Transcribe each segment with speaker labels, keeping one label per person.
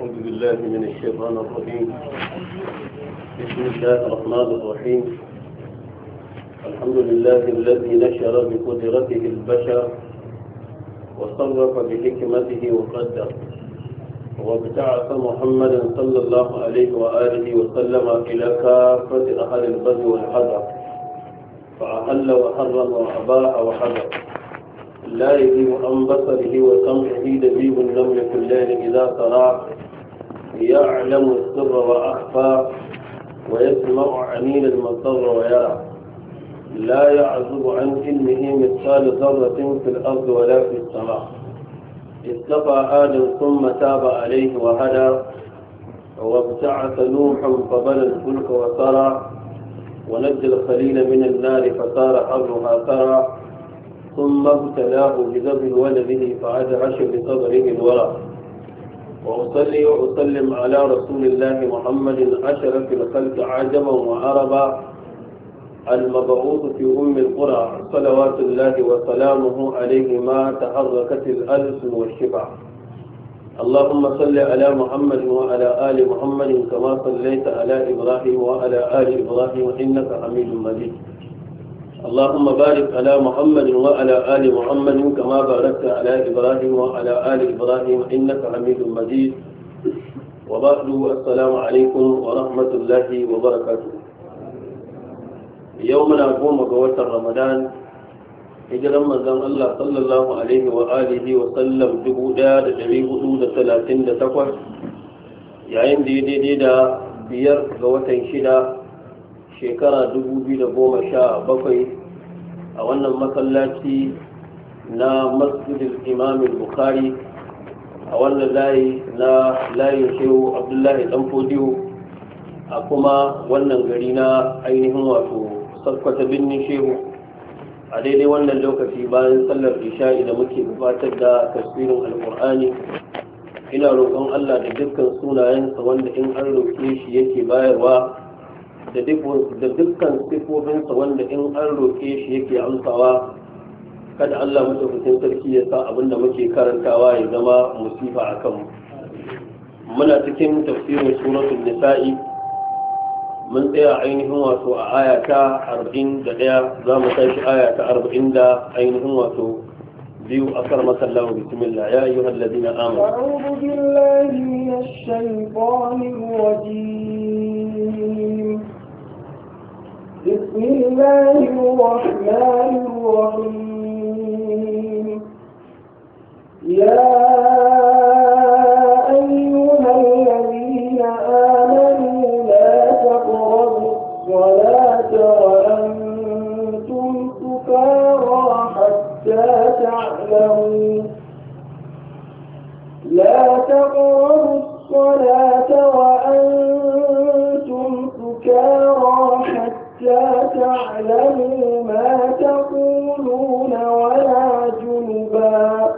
Speaker 1: أعوذ بالله من الشيطان الرجيم بسم الله الرحمن الرحيم الحمد لله الذي نشر بقدرته البشر وصرف بحكمته وقدر وابتعث محمدا صلى الله عليه وآله وسلم إلى كافة أهل البر والحذر فأحل وحرم وأباح وحذر لا يذيب عن بصره وسمعه دبيب النمل في الليل إذا تراه يعلم السر وأخفى ويسمع عميل المضر ويرى لا يعزب عن علمه مثقال ذرة في الأرض ولا في السماء اتقى آدم ثم تاب عليه وهدى وابتعث نوحا فبنى الفلك وسرى ونجى الخليل من النار فصار حرها ثرى ثم ابتلاه بذبح ولده فأدهش بصدره الورى وأصلي وأسلم على رسول الله محمد أشرف الخلق عجبا وعربا المبعوث في أم القرى صلوات الله وسلامه عليه ما تحركت الألس والشفع اللهم صل على محمد وعلى آل محمد كما صليت على إبراهيم وعلى آل إبراهيم إنك حميد مجيد اللهم بارك على محمد وعلى آل محمد كما باركت على إبراهيم وعلى آل إبراهيم إنك حميد مجيد وبعد السلام عليكم ورحمة الله وبركاته يومنا قوم قوات رمضان hijiran manzon Allah sallallahu alaihi wa alihi wa sallam 1438 yayin da daidai da biyar ga watan shida shekara 2017 a wannan masallaci na masjidin imamin bukari a wannan layi na layin shehu abdullahi Danfodiyo, a kuma wannan gari na ainihin wato sarkwata birnin shehu a daidai wannan lokaci bayan sallar isha'i da muke gabatar da tasirin alkur'ani ina roƙon allah da dukkan sunayensa wanda in an roƙe shi yake bayarwa da dukkan sifofinsa wanda in an roƙe shi yake amsawa kada Allah madaukakin sarki ya sa abinda muke karantawa ya zama musifa a kanmu muna cikin tafsirin suratul nisa'i mun tsaya ainihin wato a aya ta 41 za mu tashi aya ta 40 da ainihin wato biyu a kar masallahu bismillah ya yi ayyuhal ladina amanu
Speaker 2: a'udhu billahi minash shaitanir rajim بسم الله الرحمن الرحيم يا أيها الذين آمنوا لا تقربوا الصلاة وأنتم سكارى حتى تعلموا لا تقربوا الصلاة وأنتم لا تعلموا ما تقولون ولا جنبا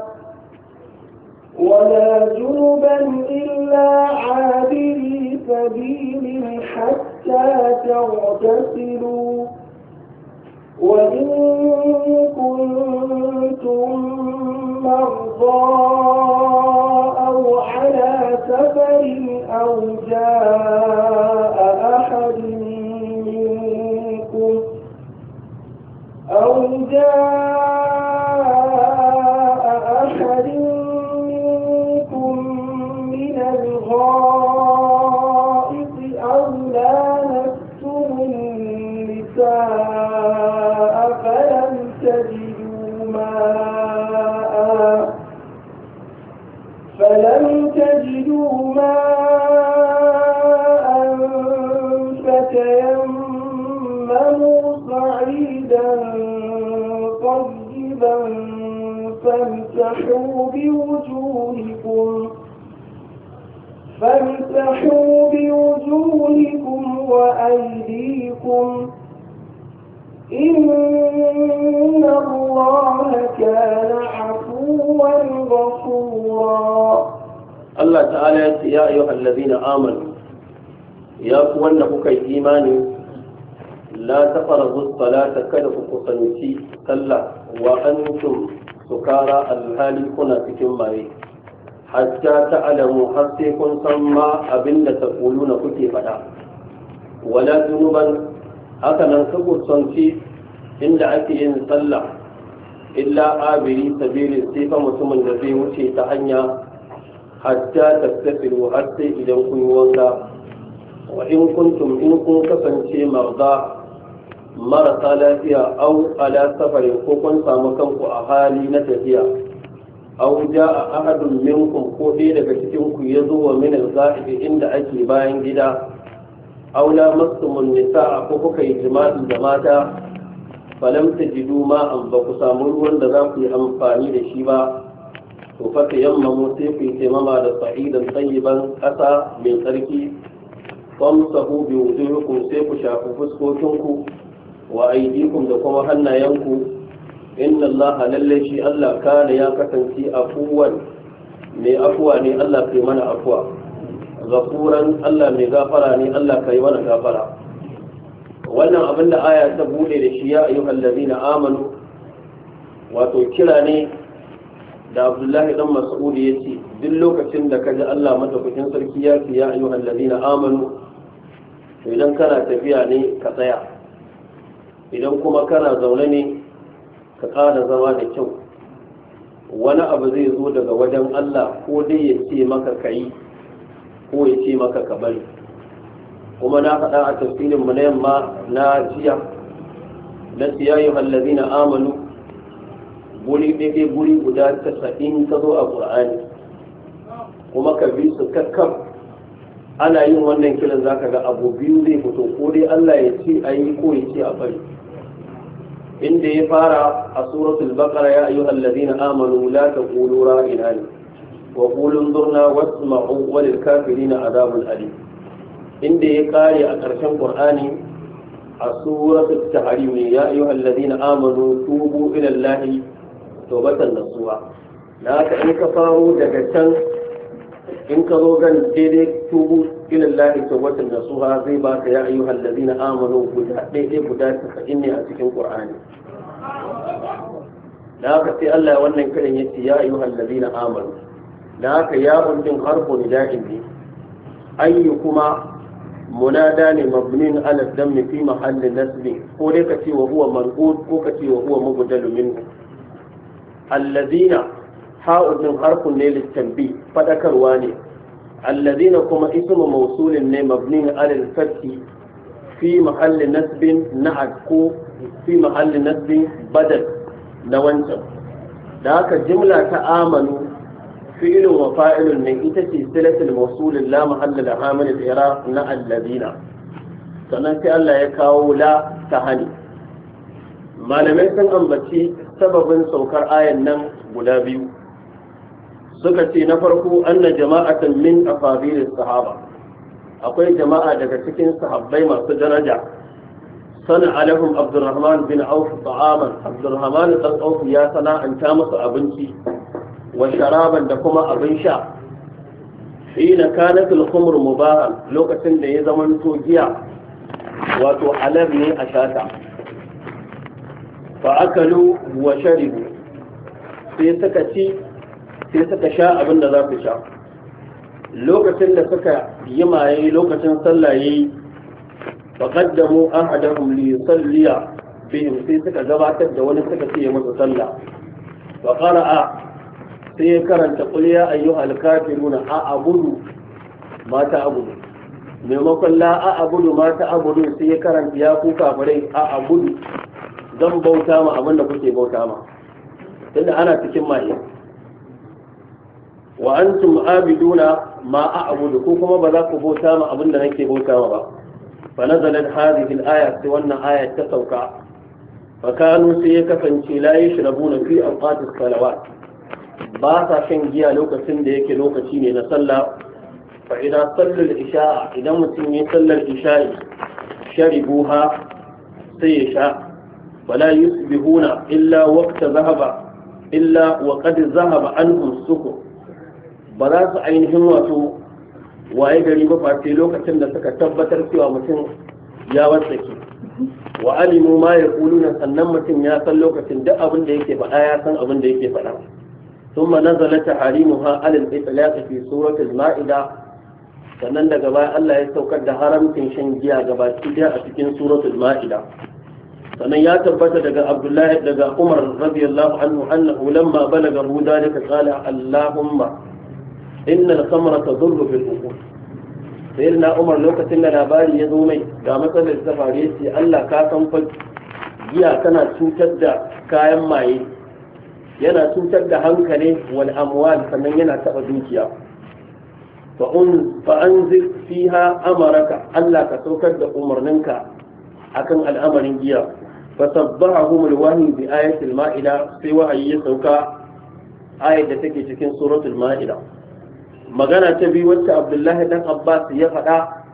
Speaker 2: ولا جنبا إلا عابري سبيل حتى تغتسلوا وإن كنتم مرضى فامسحوا بوجوهكم بوجوهكم وأيديكم إن الله كان عفوا غفورا
Speaker 1: الله تعالى يا أيها الذين آمنوا يا أخوانا كي الإيمان لا تقربوا الصلاة كدف قصنتي كلا وأنتم Su kara alhali kuna cikin maye hatta alamu har sai kun san ma abinda na kuke faɗa wala junuban haka nan ka kusanci inda ake yin sallah illa abiri sabili sai fa mutumin da zai wuce ta hanya hatta tattasilu har sai idan kun yi wanka wa in kuntum in kun kasance marda marasa lafiya au ala safari ko kun samu kanku a hali na tafiya au ja a ahadun minkum ko ɗaya daga cikin ku ya zo wa minin za'ibi inda ake bayan gida au la mastumun nisa ko kuka yi jima'i da mata falam tajidu an ba ku samu ruwan da za ku yi amfani da shi ba to fa mu sai ku yi taimama da sa'idan tsayiban ƙasa mai tsarki famsahu bi wujuhikum sai ku shafi fuskokinku wa aydikum da kuma hannayenku inna Allah lalle shi Allah kana ya kasance afuwan mai afuwa ne Allah kai mana afuwa zakuran Allah mai gafara ne Allah kai mana gafara wannan abin da aya ta bude da shi ya ayyuhal ladina amanu wato kira ne da abdullahi dan mas'ud ya ce duk lokacin da kaji Allah madaukakin sarki ya ce ya ayyuhal ladina amanu to idan kana tafiya ne ka tsaya idan kuma kana zaune ne ka ƙara zama da kyau wani abu zai zo daga wajen Allah ko dai ya ce maka ka yi ko ya ce maka ka bari kuma na faɗa a tafsirin mu na yamma na jiya na siyayi hallazi na amanu guri ɗaya guri guda tasa'in ta zo a ƙur'ani kuma ka bi su kakkaf ana yin wannan kiran zaka ga abu biyu zai fito ko dai Allah ya ce a ko ya ce a bari inda ya fara a suratul baqara ya ayyuhal ladina amanu la taqulu ra'ina wa qulu anzurna wasma'u walil kafirina adabul alim inda ya kare a ƙarshen qur'ani a suratul tahrim ya ayyuhal ladina amanu tubu ila allahi tawbatan nasuha da haka in ka faro daga can in ka zo gan daidai tubu ila allahi tawbatan nasuha zai baka ya ayyuhal ladina amanu guda daidai guda 90 ne a cikin qur'ani da haka sai Allah wannan kiran yace ya ayyuhal ladina amanu da haka ya undin harfu nida'in ne ayyu kuma munada ne mabnin ala dammi fi mahalli nasbi ko dai kace wa huwa marqud ko kace wa huwa mubdalu minhu alladina ha'udin harfu ne littanbi fadakarwa ne alladina kuma ismu mawsulin ne mabnin ala al-fathi fi mahalli nasbin na'at ko fi mahalli nasbi badal na wancan da haka jimla ta amanu fi'ilun wa fa'ilun ne ita ce silatul mawsulin la mahalla da hamil ira na alladina sannan sai Allah ya kawo la ta hani malamai sun ambaci sababin saukar ayan nan guda biyu suka ce na farko anna jama'atan min afadilis sahaba akwai jama'a daga cikin sahabbai masu daraja صنع لهم عبد الرحمن بن عوف طعاما عبد الرحمن بن عوف يا صنع أن تامس أبنتي وشرابا لكما أبن شاء حين كانت الخمر مباها لو كتن لي زمن توجيع وتحلبني أشاتا فأكلوا وشربوا سيسكتي سيسكشاء أبن ذاك شاء لو كتن لسكا يما لو كتن صلى faqaddamu ahadahum li yusalli bihim sai suka gabatar da wani suka ce masa sallah wa qara'a sai ya karanta qul ya ayyuhal kafiruna a abudu ma ta abudu maimakon la a abudu ma ta abudu sai ya karanta ya ku kafirai a abudu zan bauta ma abin da kuke bauta ma tunda ana cikin maye wa antum abiduna ma a abudu ko kuma ba za ku bauta ma abin da nake bauta ma ba فنزلت هذه الآية سوانا آية تسوكا فكانوا سيكفن لا يشربون في أوقات الصلوات باسا شنجيا لوكا سنديك لوكا تيني نسلا فإذا صلوا العشاء إذا مسلم يصلى العشاء شربوها سيشاء ولا يسبهون إلا وقت ذهب إلا وقد ذهب عنهم السكر بلاس عينهم وتو waye gari ba face lokacin da suka tabbatar cewa mutum ya wasake wa alimu ma ya kuluna sannan mutum ya san lokacin duk abin da yake faɗa ya san abin da yake faɗa ثم نزلت تحريمها على الإطلاق في سورة المائدة sannan daga baya Allah ya saukar da haramcin shan giya gabaki daya a cikin suratul ma'ida sannan ya tabbata daga Abdullahi daga Umar radiyallahu anhu annahu lamma balaga hu dalika qala Allahumma innal samara tadurru bil uqul sai na umar lokacin da labari ya zo mai ga matsalar ta faru ya ce Allah ka san fa giya tana cutar da kayan maye yana cutar da hankali wal amwal sannan yana taba dukiya fa un fa anzil fiha amaraka Allah ka saukar da umarninka akan al'amarin giya فصبحهم الوحي بآية المائدة في وحي يسوكا آية تكي تكين سورة المائدة magana ta biyu wacce abdullahi dan abbas ya faɗa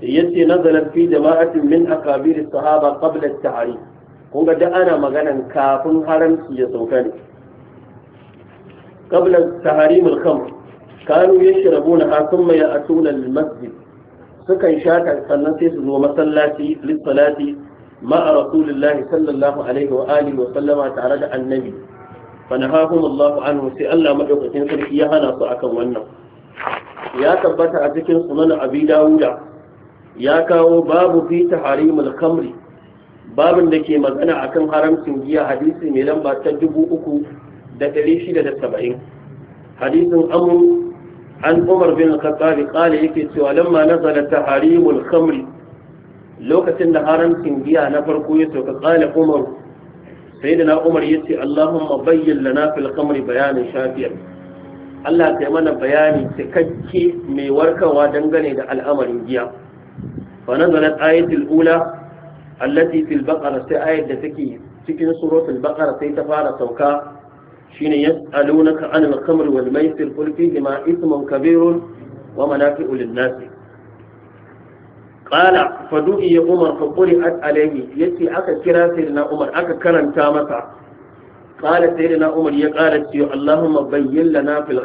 Speaker 1: yace nazalat fi jama'atin min akabir sahaba qabla at-ta'rif kun ga ana maganan kafin haramci ya sauka ne qabla tahrim al-khamr kanu yashrabuna ha thumma ya'tuna al-masjid sukan shata sannan sai su zo masallaci lis-salati ma'a rasulillahi sallallahu alaihi wa alihi wa sallama tare da annabi fanahahum Allahu anhu sai Allah madaukakin sarki ya hana su akan wannan ya tabbata a cikin sunan Abi Dawuda ya kawo babu fi taharimul khamri babin da ke magana akan haramcin giya hadisi mai lamba ta 3670 hadisin amru عن عمر بن الخطاب قال يكيت ولما lokacin da الخمر giya na farko ya sauka وقال Umar. sai da na umar ya ce allahumma bayyan lana fil bayanin shafiyar allah ta mana bayani cikakke mai warkarwa dangane da al'amarin giya fa nazalat ayatul ula allati fil baqara sai ayat da take cikin suratul baqara sai ta fara sauka shine yas'alunaka anil khamr wal maisir qul fihi ma ithmun kabirun wa manafi'u lin nasi. qala fa du'i umar fa quri'at alayhi yace aka kira sayyidina umar aka karanta masa qala sayyidina umar ya qala ce allahumma bayyin lana fil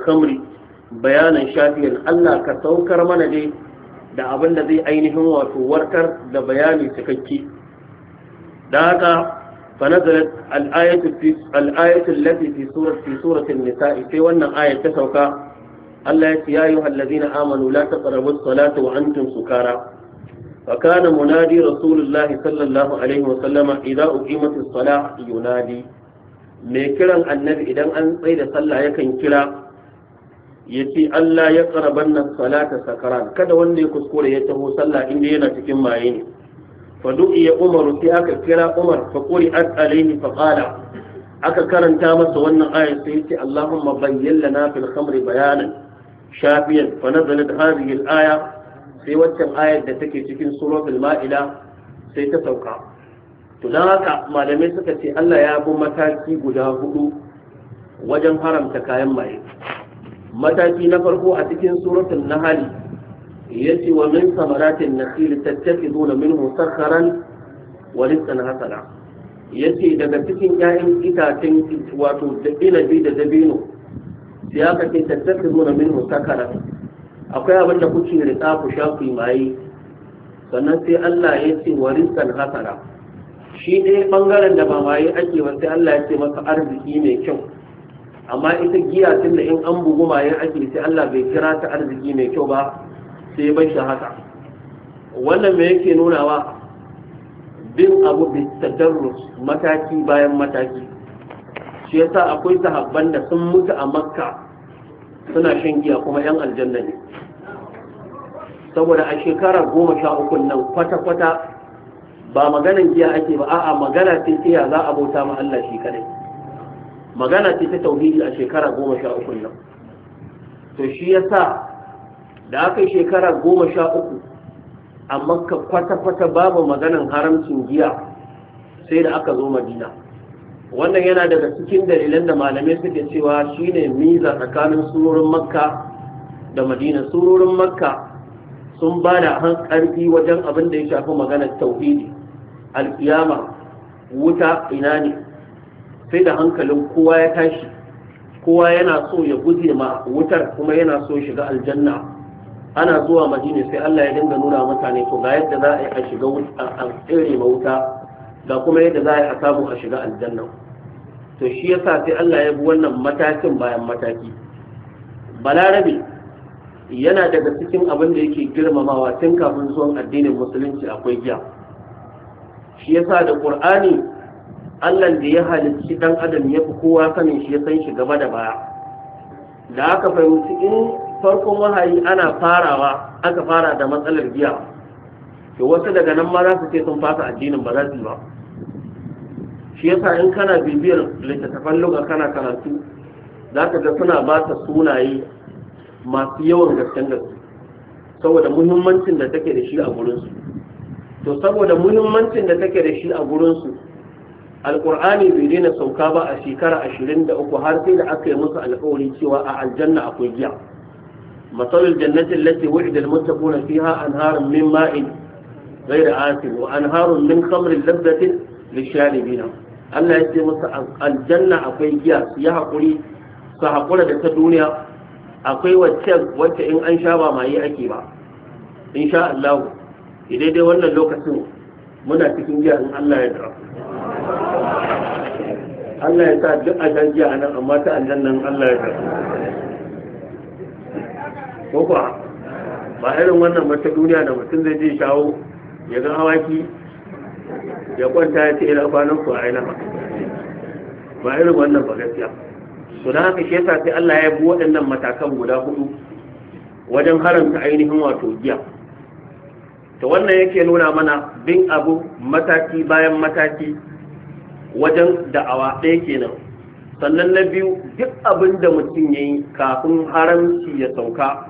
Speaker 1: bayanan shafiyan Allah ka saukar mana dai da abin da zai ainihin wato warkar da bayani cikakke da haka fa nazalat al-ayatu fi al-ayatu nisai sai wannan ayat ta sauka Allah ya ce ya ayyuhal ladina amanu la taqrabu as-salata wa antum sukara فكان منادي رسول الله صلى الله عليه وسلم إذا أقيمت الصلاة ينادي ميكرا النبي إذا أن صيد صلى يكن كلا يتي ألا يقربن الصلاة سكران كذا وندي كسكور يتهو صلى إن دينا تكن معيني فدعي عمر سيأك كلا عمر فقرئت عليه فقال aka karanta masa wannan ayat sai yace Allahumma bayyin lana fil khamri bayanan shafiyan fa nazalat hadhihi al-aya sai waccan ayar da take cikin suratul ma'ida sai ta sauka to dan haka malamai suka ce Allah ya bi mataki guda hudu wajen haramta kayan maye mataki na farko a cikin suratul nahl yace wa min samaratin nakhil tattakhiduna minhu sakharan wa rizqan hasana yace daga cikin 'ya'yan itacen wato da inabi da dabino sai aka ce tattakhiduna minhu sakharan akwai abin da kuke riƙa ku sha ku maye sannan sai Allah ya ce wa rizqan hasana shi ne ɓangaren da ba mai ake ba sai Allah ya ce masa arziki mai kyau amma ita giya tun da in an bugu maye ake sai Allah bai kira ta arziki mai kyau ba sai bai shi haka wannan me yake nuna nunawa bin abu bi tadarrus mataki bayan mataki shi yasa akwai sahabban da sun mutu a makka suna shan giya kuma yan aljanna ne saboda a shekara goma sha uku nan kwata-kwata ba maganan giya ake ba a'a magana ce ce ya za a bauta ma Allah shi kadai magana ce ta tauhidi a shekara goma sha uku nan to shi yasa da aka yi shekara goma sha uku amma kwata-kwata babu maganan haramcin giya sai da aka zo madina wannan yana daga cikin dalilan da malamai suke cewa shine miza tsakanin surorin makka da madina surorin makka sun ba da hankali wajen abin da ya shafi maganar tauhidi alkiyama wuta ina ne sai da hankalin kowa ya tashi kowa yana so ya guje ma wutar kuma yana so shiga aljanna ana zuwa madina sai Allah ya dinga nuna mutane to ga yadda za a shiga a tsere ma wuta ga kuma yadda za a samu a shiga aljanna to shi yasa sai Allah ya bi wannan matakin bayan mataki balarabe yana daga cikin abin da yake girmamawa tun kafin zuwan addinin musulunci akwai giya shi yasa da qur'ani Allah da ya halicci dan adam ya fi kowa sanin shi ya san shi gaba da baya da aka fahimci in farkon wahayi ana farawa aka fara da matsalar giya to wasu daga nan ma za su ce sun fasa addinin ba za su yi ba shi yasa in kana bibiyar littattafan lugha kana karatu za ka ga suna ba ta sunaye masu yawan gasken gaske saboda muhimmancin da take da shi a gurinsu to saboda muhimmancin da take da shi a gurinsu alkur'ani bai daina sauka ba a shekara ashirin da uku har sai da aka yi musu alkawari cewa a aljanna akwai giya masalul jannatin lati wu'ida almuttaquna fiha anharun min ma'in ghayra asin wa anharun min khamrin lazzatin lisharibina Allah ya ce musu aljanna akwai giya su yi haƙuri su haƙura da ta duniya akwai wacce wacce in an sha ba maye ake ba in sha Allah idai dai wannan lokacin muna cikin giya in Allah ya dara Allah ya sa duk a giya a nan amma ta nan Allah ya dara ko ba irin wannan mata duniya da mutum zai je shawo ya ga Hawaki. ya kwanta ya ce ina kwanan ku a ina ba ba irin wannan ba gaskiya su da haka shi sai Allah ya bi waɗannan matakan guda hudu wajen haramta ainihin wato giya to wannan yake nuna mana bin abu mataki bayan mataki wajen da'awa ɗaya kenan sannan na biyu duk abin da mutum ya yi kafin haramci ya sauka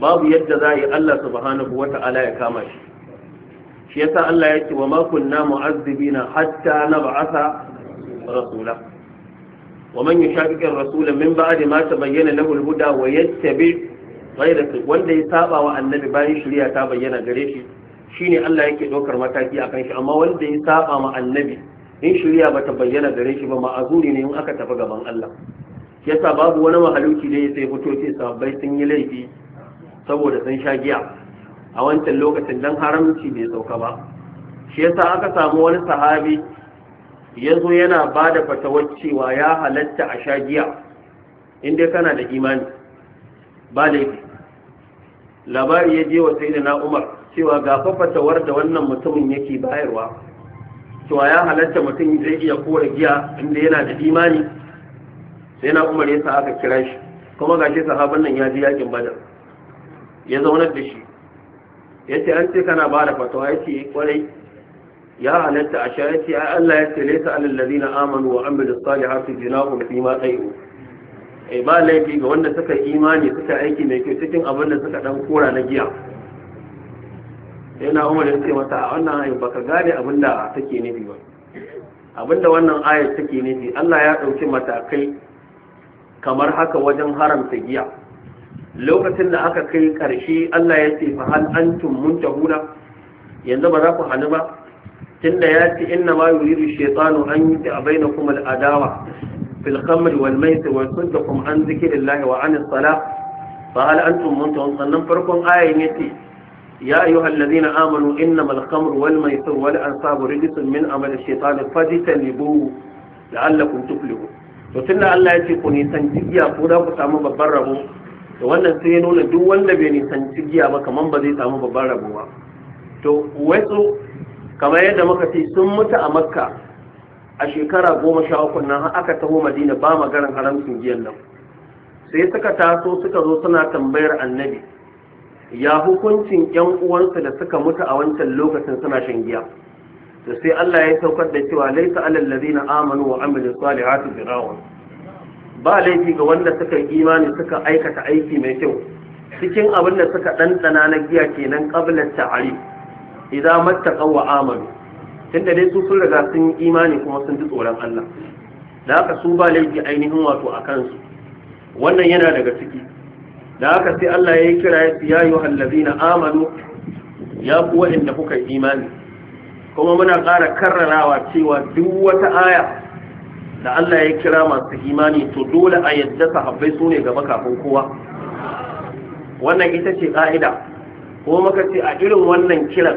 Speaker 1: babu yadda za a yi Allah subhanahu wata ya kama shi shi yasa Allah ya ce wa ma kunna na hatta nab'atha rasula wa manyan yushaqiqi rasula min ba'di ma bayyana lahu al-huda wa yattabi wanda ya saba wa annabi bayan shirya ta bayyana gare shi shine Allah yake ɗaukar mataki akan shi amma wanda ya saba ma annabi in ba bata bayyana gare shi ba ma'azuri ne in aka tafi gaban Allah yasa babu wani mahaluki da ya sai fito ce sabbai sun yi laifi saboda sun sha giya a wancan lokacin dan haramci bai sauka ba shi yasa aka samu wani sahabi ya yana ba da fatawar cewa ya halatta a sha giya inda kana da imani ba laifi labari ya je wa sai na umar cewa ga fatawar da wannan mutumin yake bayarwa cewa ya halatta mutum zai iya kore giya inda yana da imani sai na umar ya sa aka kira shi kuma ga shi nan ya ji yakin badar ya zaunar da shi yace an ce kana bada fatawa yace eh kwarai ya halatta a sha yace ai Allah ya ce laysa alal ladina amanu wa amilu salihati jinahum fi ma tayu eh ba laifi ga wanda suka imani suka aiki mai kyau cikin abin da suka dan kora na giya yana Umar ya ce mata a wannan ayin baka gane abin da take nufi ba abin da wannan ayat take nufi Allah ya dauki matakai kamar haka wajen haramta giya lokacin da aka kai ƙarshe Allah ya ce fa hal antum muntahuna yanzu ba za ku hannu ba tunda ya ce inna ma yuridu shaytanu an yuta bainakum al adawa fil khamri wal maisir wa yasuddukum an zikrillahi wa an as-salah fa hal antum muntahun sannan farkon ayan yace ya ayyuhal ladina amanu innamal khamru wal maisir wal ansabu rijsun min amali shaytani fajtanibuhu la'allakum tuflihun to tunda Allah ya ce ku nisan jiya ko za ku samu babban rabo da wannan sai ya nuna duk wanda bai nisanci giya ba kamar ba zai samu babban rabo ba to wasu kamar yadda muka ce sun mutu a makka a shekara goma sha uku nan aka taho madina ba magaran haramcin giyan nan sai suka taso suka zo suna tambayar annabi ya hukuncin yan uwansu da suka mutu a wancan lokacin suna shan giya to sai Allah ya saukar da cewa laisa alal ladina amanu wa amilus salihati firawun ba laifi ga wanda suka yi imani suka aikata aiki mai kyau cikin abin da suka ɗanɗana na giya kenan ƙablar ta'ari idan mata wa amalu tunda dai su sun riga sun yi imani kuma sun ji tsoron Allah da haka su ba laifi ainihin wato a kansu wannan yana daga ciki da haka sai Allah ya yi kira ya fi yayo hallazina amalu ya ku waɗanda kuka yi imani kuma muna ƙara karrarawa cewa duk wata aya da Allah ya kira masu imani to dole a yadda sahabbai su ne gaba kafin kowa wannan ita ce ƙa'ida ko muka ce a irin wannan kiran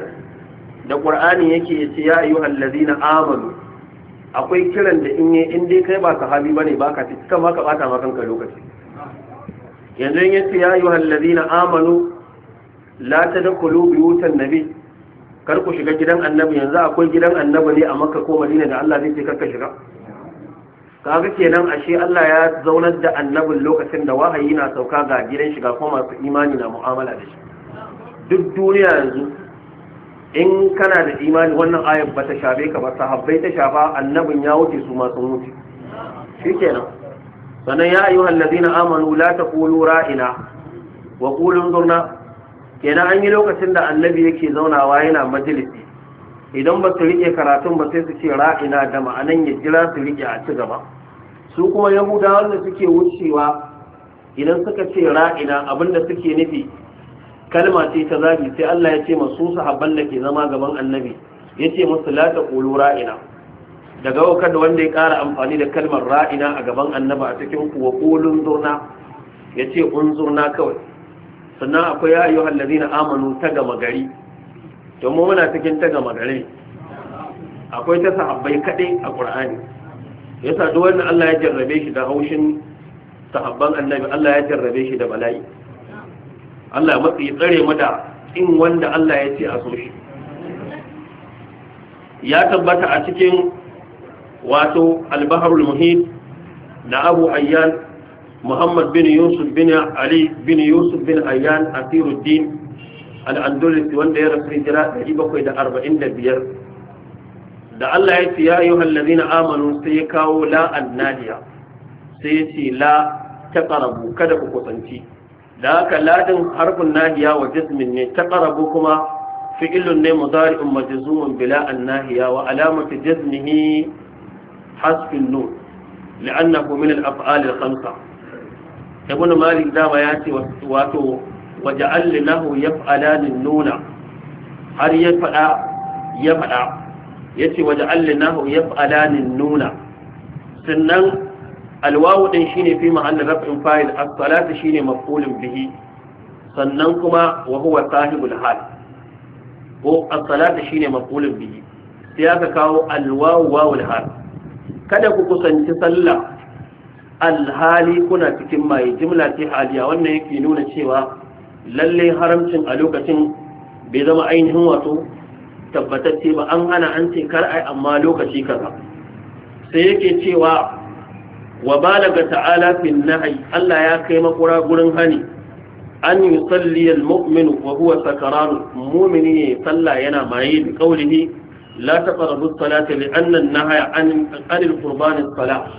Speaker 1: da ƙur'ani yake ya ce ya yi hallazi na amanu akwai kiran da in yi dai kai ba sahabi ba ka ci kan haka bata ma kanka lokaci yanzu in yace ya yi ayyu allazina amanu la tadkhulu buyutan nabi kar ku shiga gidan annabi yanzu akwai gidan annabi ne a makka ko madina da Allah zai ce kar ka shiga kaga kenan ashe Allah ya zaunar da annabin lokacin da wahayi na sauka ga gidan shiga kuma masu imani na mu'amala da shi duk duniya yanzu in kana da imani wannan ayat ba ta shafe ka ba sahabbai ta shafa annabin ya wuce su ma sun wuce shikenan sannan ya ayyuhal ladina amanu la taqulu ra'ina wa qulu zurna kenan an yi lokacin da annabi yake zaunawa yana majalisi idan ba su rike karatun ba sai su ce ra'ina da ma'anan ya jira su rike a ci gaba su kuma yahudawan da suke wucewa idan suka ce ra'ina abinda suke nufi kalma ce ta zabi sai Allah ya ce masu sahabban da ke zama gaban annabi ya ce masu la ta ƙulu ra'ina daga wakar da wanda ya ƙara amfani da kalmar ra'ina a gaban annaba a cikin kuwa ƙulun zurna ya ce un kawai sannan akwai ya yi na amanu ta gama gari to muna cikin ta gama gare akwai ta sahabbai kaɗai a ƙur'ani yasa duk wanda Allah ya jarrabe shi da haushin sahabban annabi Allah ya jarrabe shi da bala'i Allah matsi tsare mu da in wanda Allah ya ce a so shi ya tabbata a cikin wato al-bahrul muhit na Abu Ayyan Muhammad bin Yusuf bin Ali bin Yusuf bin Ayyan Asiruddin al wanda ya rasu hijira 745 da Allah ya ce ya ayyuhal na amanu sai ya kawo la annadiya sai ya ce la kada ku kusanci da haka ladin harfin nahiya wa jazmin ne taqrabu kuma fi'ilun ne mudari'un majzumun bila annahiya wa alamatu jazmihi hasfin nun لأنه من الأفعال الخمسة Malik مالك ya ce wato. waja'al lahu yaf'alani nuna har ya faɗa ya faɗa yace waja'al lahu yaf'alani nuna sannan alwawu din shine fi mahallin raf'in fa'il as-salatu shine maf'ulun bihi sannan kuma wa huwa sahibul hal ko as-salatu shine maf'ulun bihi sai aka kawo alwawu wawul hal kada ku kusanci sallah alhali kuna cikin mai jimla ce haliya wannan yake nuna cewa lalle haramcin a lokacin bai zama ainihin wato tabbatacce ba an hana an ce kar ai amma lokaci kaza sai yake cewa wa balaga ta'ala fil nahi Allah ya kai makura gurin hani an yusalli al mu'min wa huwa sakaran mu'mini ne sallah yana maye da kaulihi la taqrabu salata li anna an-nahya an al qurban as-salah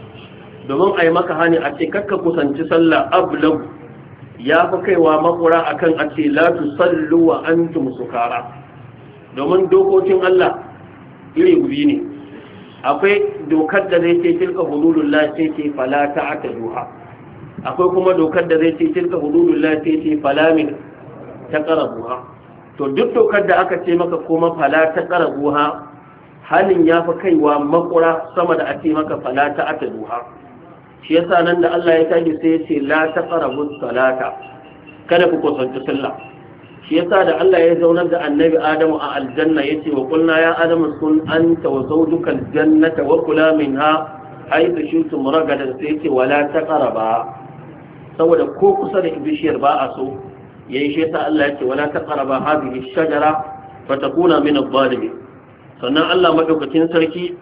Speaker 1: domin ai maka hani a ce kakka kusanci sallah ablab ya fi kaiwa makura kan a ce la sallu, wa musu sukara domin dokokin Allah iri guri ne akwai dokar da zai ce tilka hududullah sai ce fala aka duha akwai kuma dokar da zai ce tilka hududullah sai ce fala min taqrabuha to duk dokar da aka ce maka kuma fala taqrabuha halin ya fi kaiwa makura sama da a ce maka fala aka duha shi yasa nan da Allah ya tashi sai ya ce la taqrabu salata kada ku kusanci sallah shi yasa da Allah ya zaunar da annabi Adamu a aljanna yace wa qulna ya adamu kun anta wa zawjuka aljannata wa kula minha haythu shi'tum muragadan sai yace wa la taqraba saboda ko kusa da bishiyar ba a so yayi shi yasa Allah yace wa la taqraba hadhihi shajara fatakuna min adh-dhalimin sannan Allah madaukakin sarki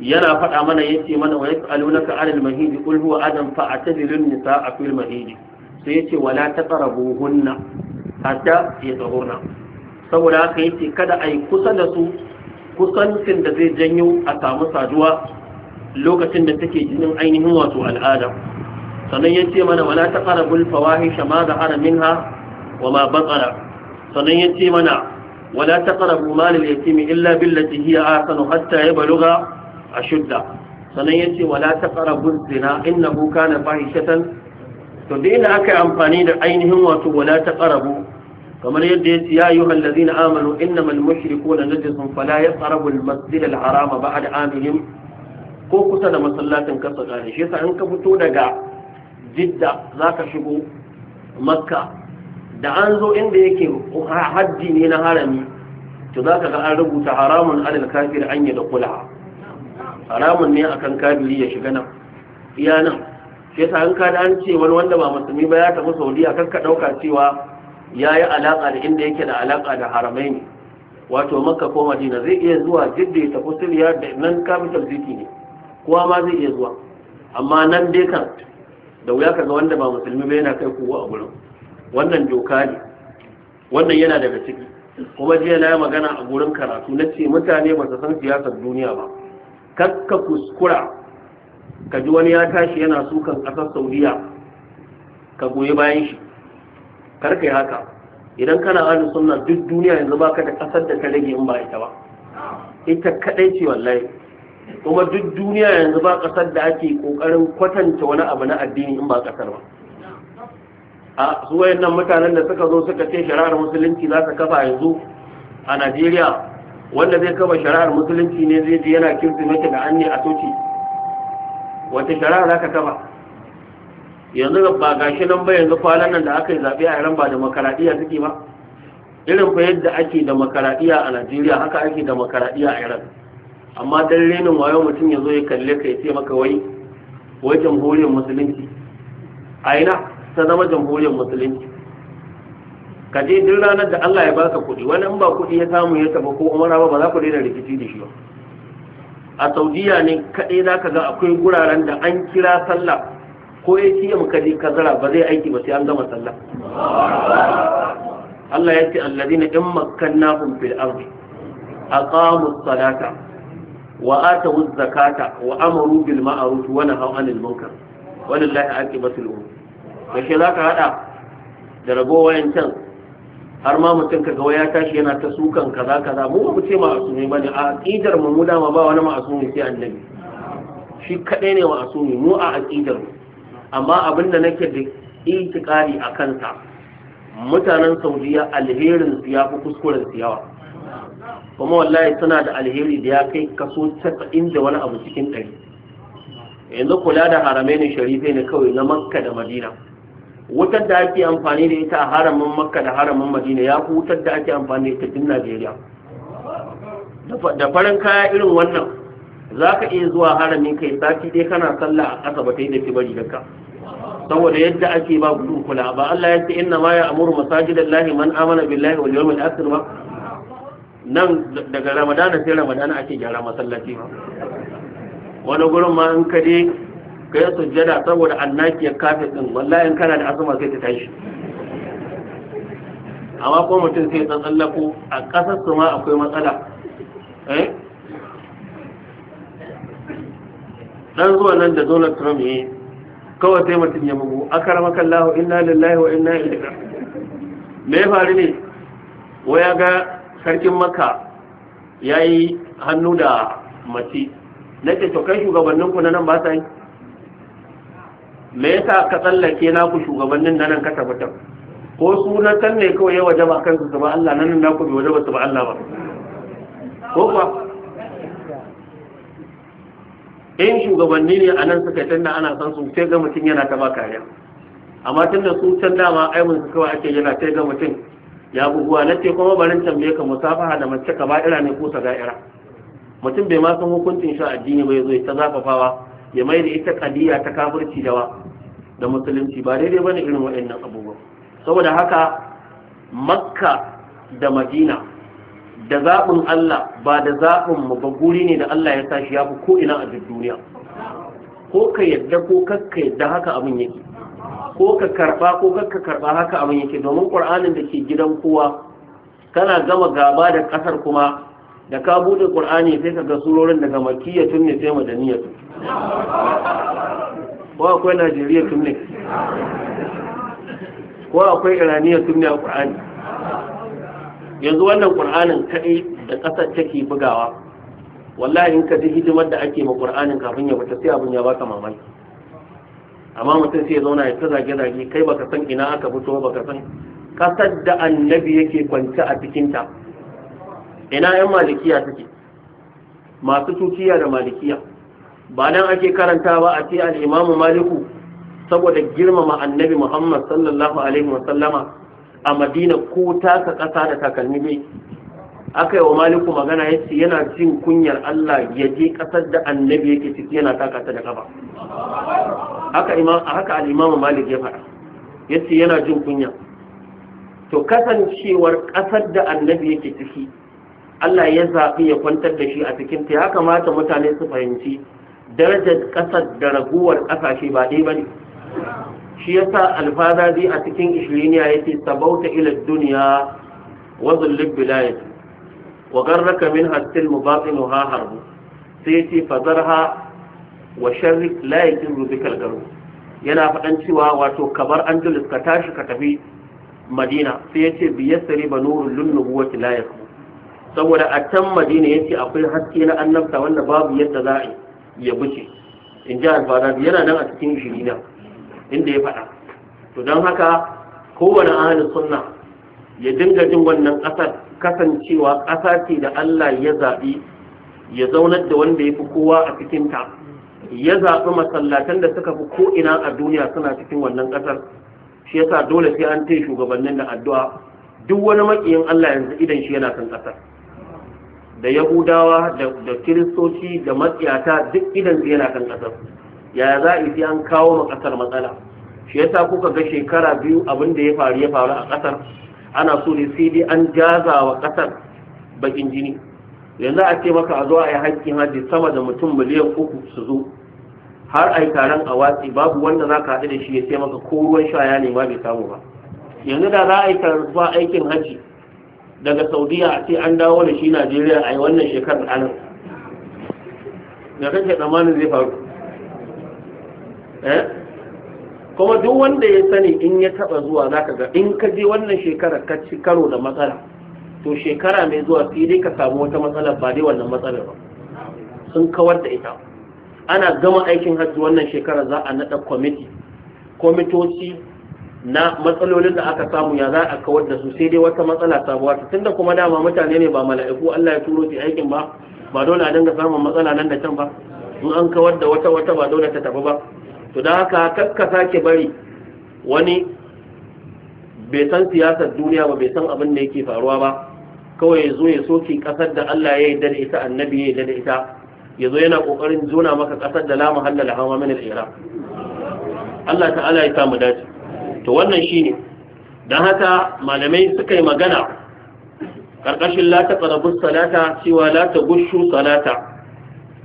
Speaker 1: yana faɗa mana ya ce mana wa yasalunaka anil mahid qul huwa adam fa a nisa a fil mahid sai ya ce wala ta tsara taqrabuhunna hatta yatahurna saboda haka ya ce kada a yi kusa da su kusancin da zai janyo a samu saduwa lokacin da take jinin ainihin wato al'ada sannan ce mana wala ta tsara taqrabul fawahisha ara min ha wa ma batara sannan ce mana wala ta taqrabu mal al-yatimi illa billa billati hiya ahsanu hatta baluga. a shidda sannan yace wala taqrabu zina innahu kana fahishatan to da aka yi amfani da ainihin wato wala taqrabu kamar yadda yace ya ayyuhal ladina amanu innamal mushrikuuna ya fala yaqrabu al-masjid al amihim ko kusa da masallacin kasa gane shi yasa in ka fito daga jidda zaka shigo makka da an zo inda yake haddi ne na harami to zaka ga an rubuta haramun alal kafir an yi da kulaha haramun ne akan kabiri ya shiga nan iya nan shi yasa an kada an ce wani wanda ba musulmi ba ya tafi saudi a ka ɗauka cewa ya yi alaƙa da inda yake da alaka da haramai ne wato makka ko madina zai iya zuwa jidda ya tafi siriya da nan capital city ne kowa ma zai iya zuwa amma nan dai kan da wuya kaga wanda ba musulmi ba yana kai kowa a gurin wannan doka ne wannan yana daga ciki kuma jiya na magana a gurin karatu na ce mutane ba su san siyasar duniya ba kakka kuskura ka ji wani ya tashi yana sukan ƙasar saudiya ka goyi bayan shi karka yi haka idan kana ahlus sunna duk duniya yanzu baka da ƙasar da ka rage in ba ita ba ita kadai ce wallahi kuma duk duniya yanzu ba ƙasar da ake ƙoƙarin kwatanta wani abu na addini in ba ƙasar ba a su wayannan mutanen da suka zo suka ce shari'ar musulunci za ta kafa yanzu a Najeriya wanda zai kama shari'ar musulunci ne zai je yana kirsimeti da anni a soci wata shari'a za ka kaba yanzu ba gashi nan ba yanzu kwanan nan da aka yi zaɓe a yaran ba da makaraɗiya suke ba irin fa yadda ake da makaraɗiya a najeriya haka ake da makaraɗiya a yaran amma dan renin wayo mutum ya zo ya kalle ka ya ce maka wai wai jamhuriyar musulunci a ina ta zama jamhuriyar musulunci ka je duk ranar da Allah ya baka kuɗi wani in ba kuɗi ya samu ya taɓa ko umara ba ba za ku daina rikici da shi ba a saudiya ne kaɗai za ka ga akwai guraren da an kira sallah ko ya ci ya muka je kazara ba zai aiki ba sai an gama sallah Allah ya ce alladina in makkannahum fil ardi aqamu salata wa atu zakata wa amaru bil ma'ruf wa nahaw anil munkar walillahi aqibatul umur kashe zaka hada da ragowayen yancan har ma mutum ka gawa ya tashi yana ta sukan kaza kaza mu ba mu ce ba ne. a aqidar mu da dama ba wani ma'asumi sai annabi shi kadai ne ma'asumi mu a aqidar amma abin da nake da itikari a kansa mutanen saudiya alherin su ya fi kuskuren su yawa kuma wallahi suna da alheri da ya kai kaso casa'in da wani abu cikin ɗari yanzu kula da haramai ne sharifai ne kawai na makka da madina wutar da ake amfani da ita a haramin makka da haramin madina ya fi wutar da ake amfani da ita tun najeriya da farin kaya irin wannan za ka iya zuwa haramin kai sati dai kana sallah a ƙasa ba ta yi da bari daga saboda yadda ake ba gudu kula ba Allah ya ce inna ma ya amuru lahi man amana billahi wal yawmil akhir ba nan daga ramadana sai ramadana ake gyara masallaci ba. wani gurin ma in ka dai ka yi sujjada saboda annakiyar kafin ɗin wallahi kana da asuma sai ta tashi amma ko mutum sai ta tsallako a ƙasar su ma akwai matsala eh? dan zuwa nan da donald trump ya yi kawai sai mutum ya bugu akara makallahu inna lillahi wa inna ilaihi me ya faru ne wai ya ga sarkin makka ya yi hannu da mace na ce to kai shugabanninku na nan ba sa yi me yasa ka tsallake naku shugabannin nan ka tabbatar ko sunan kan ne kawai ya waje ba kansu su ba Allah nan naku bai waje ba su ba Allah ba ko ba in shugabanni ne a nan suka yi ana san su sai ga mutum yana ta ba kariya amma tunda su can dama aimin su kawai ake yana sai ga mutum ya buguwa na ce kuma barin tambaye ka musafaha da mace ka ba ira ne ko ta ga ira mutum bai ma san hukuncin shi addini bai zo ta zafafawa ya mai da ita kadiya ta kafirci dawa da musulunci ba daidai bane irin waɗannan abubuwa saboda haka makka da madina da zaɓin Allah ba da zaɓin mu ba guri ne da Allah ya sa shi ya fi ko ina a duniya ko ka yadda ko kakka yadda haka abin yake ko ka karba ko kakka karba haka abin yake domin qur'anin da ke gidan kowa kana gama gaba da ƙasar kuma da ka bude qur'ani sai ka ga surorin daga tun ne sai madaniyatun ko akwai najeriya tun ne ko akwai iraniya tun ne a qur'ani yanzu wannan qur'anin kai da kasar take bugawa wallahi in ka ji hidimar da ake ma qur'anin kafin ya fita sai abin ya baka mamaki amma mutum sai ya zauna ya ta zage-zage kai baka san ina aka fito baka san kasar da annabi yake kwance a cikinta ta ina yan malikiya take masu tukiya da malikiya ba nan ake karanta ba a ce al-imamu maliku saboda girmama annabi muhammad sallallahu alaihi wasallama a madina ko taka ƙasa da takalmi bai aka yi wa maliku magana ya ce yana jin kunyar Allah ya je ƙasar da annabi yake ciki yana taka ta da kafa haka imam haka al-imam malik ya faɗa yace yana jin kunya to kasancewar ƙasar da annabi yake ciki Allah ya zaɓi ya kwantar da shi a cikin ta ya kamata mutane su fahimci darajar ƙasar da raguwar ƙasashe ba dai bane shi yasa alfazazi a cikin ishiriniya ce sabauta ila duniya wa zullib bilayat wa garraka min hasil mubatinuha harbu sai yace fazarha wa sharrik la rubi bikal yana faɗan cewa wato kabar angelus ka tashi ka tafi madina sai yace biyassari banurul lunnubuwati la yakun saboda a can madina yace akwai haske na annabta wanda babu yadda za a ya bushe in ji albarabi yana nan a cikin shirina inda ya faɗa to don haka kowane ahli sunna ya dinga jin wannan ƙasar kasancewa ƙasa ce da Allah ya zaɓi ya zaunar da wanda ya fi kowa a cikin ta, ya zaɓi masallatan da suka fi ko'ina a duniya suna cikin wannan ƙasar shi yasa dole sai an taya shugabannin da addu'a duk wani maƙiyin Allah yanzu idan shi yana kan ƙasar da yahudawa da kiristoci da matsiyata duk idan yana kan kasar yaya za a isi an kawo ma kasar matsala shi yasa kuka ga shekara biyu abin da ya faru ya faru a kasar ana so ne sai dai an jaza wa ƙasar bakin jini yanzu a ce maka a zo a yi haƙƙin hajji sama da mutum miliyan uku su zo har a yi taron a watsi babu wanda za ka haɗu da shi ya ce maka ko ruwan shaya ya nema bai samu ba yanzu da za a yi taron aikin hajji daga saudiya a ce an dawo da shi najeriya a yi wannan shekarar anan da kake tsammanin zai faru eh? kuma duk wanda ya sani in ya taba zuwa za ka ga in ka je wannan shekarar ka ci karo da matsala to shekara mai zuwa sai dai ka samu wata matsala ba dai wannan matsalar ba sun kawar da ita ana gama aikin hajji wannan shekara za a naɗa kwamiti kwamitoci na matsalolin da aka samu ya za a kawar da su sai dai wata matsala sabuwa ta tunda kuma dama mutane ne ba mala'iku Allah ya turo su aikin ba ba dole a dinga samun matsala nan da can ba in an kawar da wata wata ba dole ta tafi ba to da haka kakka sake bari wani bai san siyasar duniya ba bai san abin da yake faruwa ba kawai ya zo ya soke kasar da Allah ya yarda da ita annabi ya yarda da ita ya zo yana kokarin jona maka kasar da la mahalla hawa min al iraq Allah ta'ala ya samu dace to wannan shine dan haka malamai suka yi magana karkashin la taqrabu salata cewa lata gushu salata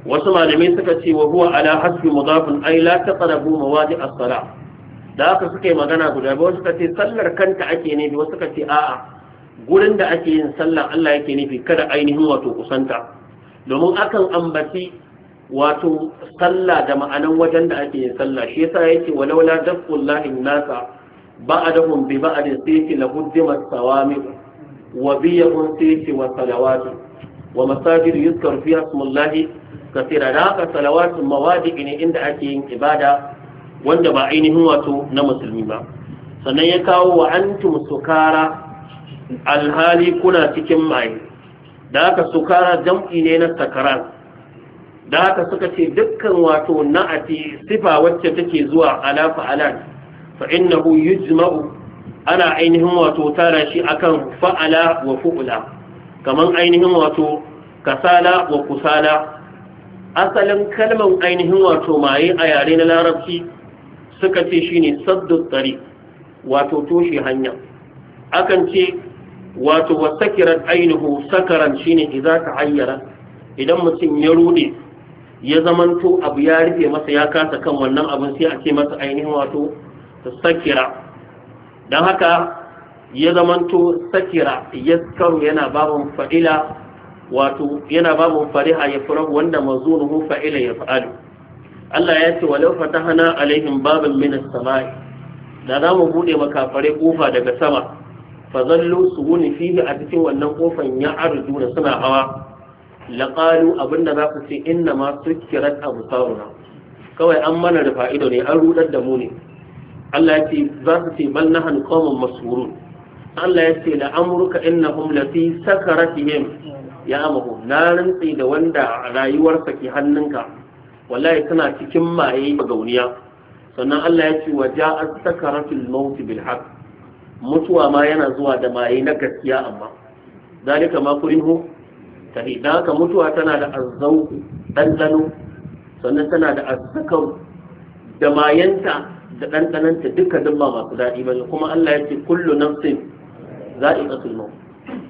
Speaker 1: wasu malamai suka ce wa huwa ala hasbi mudafun ai la taqrabu mawadi a sara. da haka suka yi magana guda ba wasu suka ce sallar kanta ake nufi wasu suka ce a'a gurin da ake yin sallah Allah yake nufi kada ainihin wato kusanta domin akan ambaci wato sallah da ma'anan wajen da ake yin sallah shi yasa yake walaula dafqullahi nasa ba'adahum bi ba'adin sai ce la huddimat sawami wa biyahum sai ce wa salawatu wa masajid yuzkar fiha ismullahi kasira da haka salawatun mawadi ne inda ake yin ibada wanda ba ainihin wato na musulmi ba sannan ya kawo wa antum sukara alhali kuna cikin maye da haka sukara jam'i ne na sakaran da haka suka ce dukkan wato na'ati sifa wacce take zuwa ala fa'alan fa innahu yujma'u ana ainihin wato tara shi akan fa'ala wa fu'ula kaman ainihin wato kasala wa kusala asalin kalman ainihin wato maye a yare na larabci suka ce shine saddu tsari wato toshe hanya akan ce wato wa ainihu sakaran shine idan ta hayyara idan mutum ya rude ya zamanto abu ya rufe masa ya kasa kan wannan abin sai a ce masa ainihin wato sakira don haka ya zamanto sakira yaskaru yana babu fa'ila wato yana babun fariha ya furahu wanda mazunuhu fa'ila ya fa'alu Allah ya ce walau fatahana alaihim babin minas sama'i da za mu buɗe makafare kofa daga sama zallo su wuni fihi a cikin wannan ƙofan ya arzu da suna hawa laƙalu abinda za ku ce inna ma sukirat abu kawai an mana da fa'ido ne an rudar da mu ne Allah ya ce za su ce bal nahan qawmun masrurun Allah ya ce la'amruka innahum lafi sakaratihim ya amahu na rantsi da wanda rayuwarsa ke hannunka wallahi tana cikin maye gauniya sannan Allah ya ce wa ja'at sakaratul maut bil haqq mutuwa ma yana zuwa da maye na gaskiya amma zalika ma kurinhu tahi da ka mutuwa tana da azzau dandano sannan tana da azzakau da mayanta da ɗanɗananta dukkanin ba masu daɗi ba kuma Allah ya ce kullu nafsin za a za'iqatul maut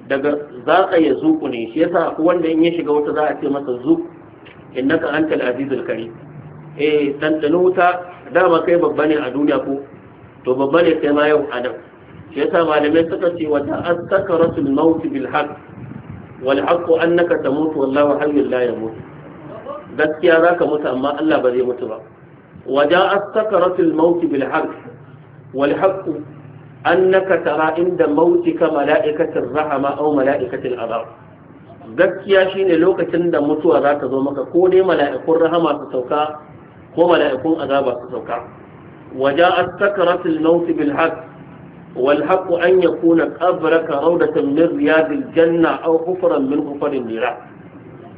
Speaker 1: daga zaqa ya zuku ne shi yasa ku wanda in ya shiga wata za a ce masa zuq innaka antal azizul karim eh ɗanɗano wuta dama kai babba ne a duniya ko to babba ne sai ma yau a nan shi yasa malamai suka ce wa ta'assaka rasul maut bil haqq wal haqq annaka tamut wallahu hayyul la yamut gaskiya zaka mutu amma Allah ba zai mutu ba وجاءت سكرة الموت بالحق والحق أنك ترى عند موتك ملائكة الرحمة أو ملائكة العذاب gaskiya shine lokacin da mutuwa za ta zo maka ko dai mala'ikun rahama su sauka ko mala'ikun azaba su sauka a sakaratul maut bil haqq wal haqq an yakuna qabraka rawdatan min riyadil janna aw hufran min hufarin nira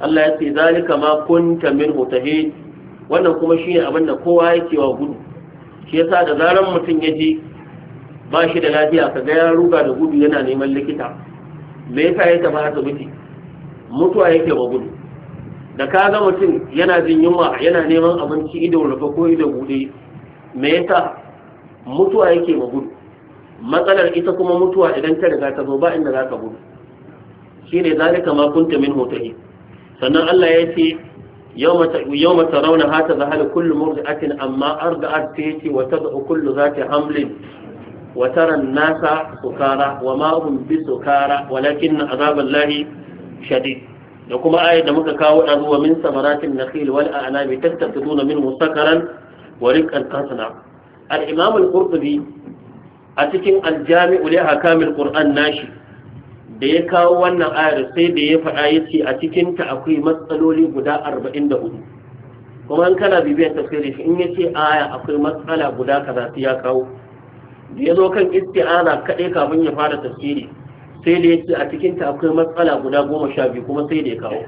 Speaker 1: Allah ya ce zalika ma kunta min hutahi wannan kuma shine abin da kowa yake wa gudu shi yasa da zaran mutum ya je ba shi da lafiya kaga ya ruga da gudu yana neman likita me yasa ya tafi asibiti mutuwa yake wa gudu da ka ga mutum yana jin yunwa yana neman abinci ido rufe ko ido bude me yasa mutuwa yake wa gudu matsalar ita kuma mutuwa idan ta riga ta zo ba inda za ka gudu shine zalika ma kunta min hotahi sannan Allah ya ce yau mata rauna hata zahala kullum murzi'atin amma arda'at ta yake wa ta za'u kullu za ta hamlin wa taran nasa sukara wa ma'un bi sukara walakin na azabar lahi da kuma ayat da muka kawo ɗazu wa min samaratin nakhil wal a'lami tattakiduna min musakaran wa riqan kasana al-imam al-qurtubi a cikin aljami'u jamiu li Kur'an nashi da ya kawo wannan ayar sai da ya faɗa ya ce a cikinta akwai matsaloli guda arba'in da hudu kuma in kana bibiyar tafsiri shi in ya ce aya akwai matsala guda kaza sai ya kawo da ya zo kan isti'ana kaɗai kafin ya fara tafsiri sai da ya ce a cikinta akwai matsala guda goma sha biyu kuma sai da ya kawo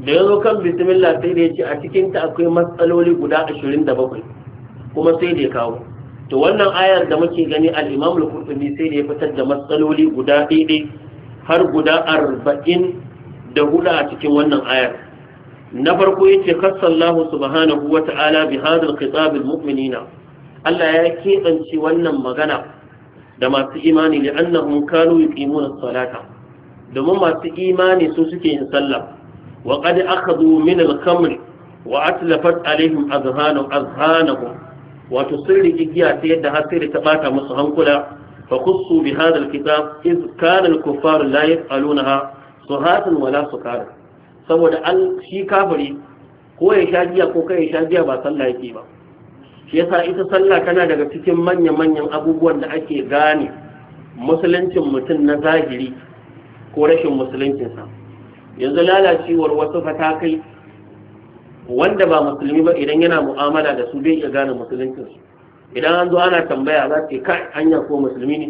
Speaker 1: da ya zo kan bismillah sai da ya ce a cikinta akwai matsaloli guda ashirin da bakwai kuma sai da ya kawo to wannan ayar da muke gani al-imam al-qurtubi sai da ya fitar da matsaloli guda daidai har guda arba'in da hudu a cikin wannan ayar na farko yace kassallahu subhanahu wa ta'ala bi hadhal khitab mu'minina Allah ya keɓance wannan magana da masu imani da annahum kanu yuqimuna salata domin masu imani su suke yin sallah wa qad akhadhu min al-khamr wa atlafat alaihim azhanu azhanahum wato sun rigi giya ta yadda har sai ta bata musu hankula فخصوا بهذا الكتاب إذ كان الكفار لا يفعلونها سهاتا ولا سكارا saboda an shi kafiri ko ya sha giya ko kai ya sha giya ba sallah yake ba shi yasa ita sallah tana daga cikin manyan manyan abubuwan da ake gane musuluncin mutum na zahiri ko rashin musuluncinsa yanzu lalacewar wasu fatakai wanda ba musulmi ba idan yana mu'amala da su bai iya gane musuluncinsu idan an zo ana tambaya za ce kai hanya ko musulmi ne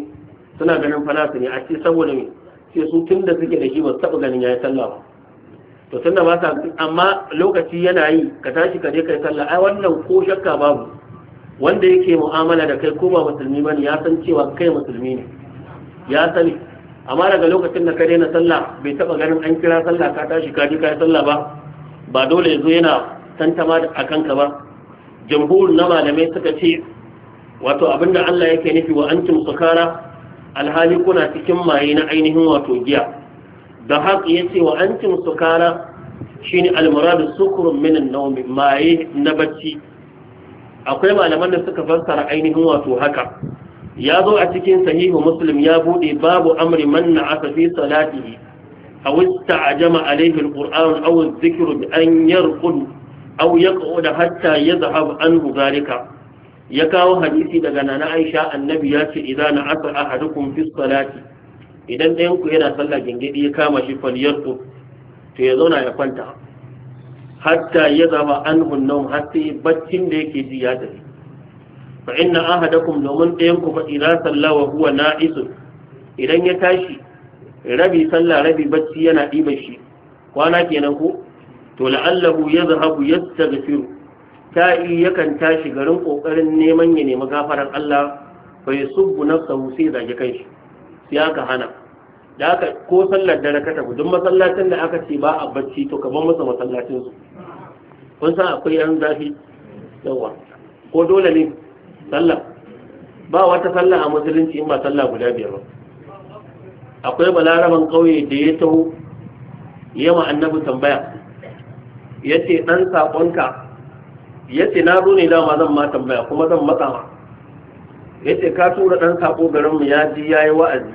Speaker 1: suna ganin su ne a ce saboda me sai su tun da suke da shi ba su taɓa ganin ya yi sallah ba to da ba sa amma lokaci yana yi ka tashi ka je kai sallah ai wannan ko shakka babu wanda yake mu'amala da kai ko ba musulmi ba ne, ya san cewa kai musulmi ne ya sani amma daga lokacin da ka daina sallah bai taɓa ganin an kira sallah ka tashi ka je kai sallah ba ba dole ya zo yana tantama a kanka ba jamhur na malamai suka ce wato abinda Allah yake nufi wa antum sukara alhali kuna cikin maye na ainihin wato giya da haka yace wa antum sukara ne almuradu sukrun min an maye na bacci akwai malaman da suka fassara ainihin wato haka ya zo a cikin sahihu muslim ya buɗe babu amri man na'asa fi salatihi aw ista'jama alayhi al-qur'an aw adh-dhikru bi an yarqud aw yaq'ud hatta yadhhab anhu dhalika ya kawo hadisi daga nana Aisha annabi ya ce na na'asa ahadukum fi salati idan ɗayan ku yana sallah gingidi ya kama shi falyarto to ya zauna ya kwanta hatta ya zama an nawm hatta baccin da yake ji ya tafi fa inna ahadakum domin ɗayan ku faɗi idza sallah wa huwa isu idan ya tashi rabi sallah rabi bacci yana ɗiba shi kwana kenan ku? to la'allahu yadhhabu yastaghfiru sa'i yakan tashi garin kokarin neman ya nemi gafarar Allah fa yusubbu nafsahu sai kai shi sai aka hana da aka ko sallar dare ka tafi duk masallacin da aka ce ba a bacci to kamar musu masallacin su kun san akwai yan zafi yawa ko dole ne sallah ba wata sallah a musulunci in ba sallah guda biyar ba akwai balaraban kauye da ya taho yamma annabi tambaya yace dan sakonka ya ce na zo ne dama zan ma tambaya kuma zan matsa ma ya ce ka tura ɗan saƙo garinmu ya ji ya yi wa'azi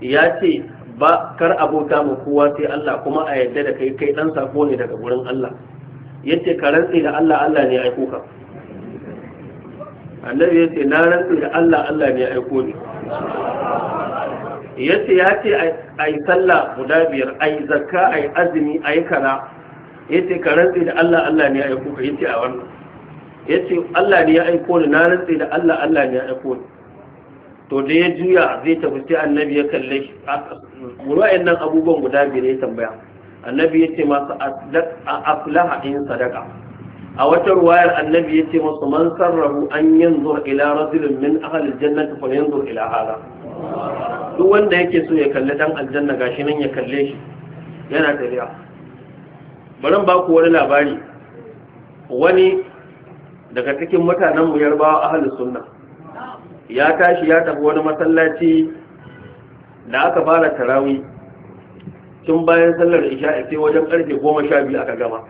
Speaker 1: ya ce ba kar abota mu kowa sai Allah kuma a yadda da kai kai ɗan saƙo ne daga gurin Allah ya ce ka rantse da Allah Allah ne aiko ka annabi ya ce na rantse da Allah Allah ne aiko ne ya ce ya ce a yi sallah guda biyar a yi zakka a yi azumi a yi kara yace ka rantse da Allah Allah ne ya aiko ka yace a wannan yace Allah ne ya aiko ni na rantse da Allah Allah ne ya aiko ni to da ya juya zai tafi sai annabi ya kalle shi ruwayen nan abubuwan guda biyu ne ya tambaya annabi yace masa aflaha in sadaka a wata ruwayar annabi yace masa man sarrahu an yanzur ila rajulin min ahli aljannati fa yanzur ila hada duk wanda yake so ya kalli dan aljanna gashi nan ya kalle shi yana tafiya bari ba ku wani labari wani daga cikin mutanen mu yarbawa halin sunna ya tashi ya tafi wani masallaci da aka fara tarawi tun bayan sallar isha sai wajen karfe 12 aka gama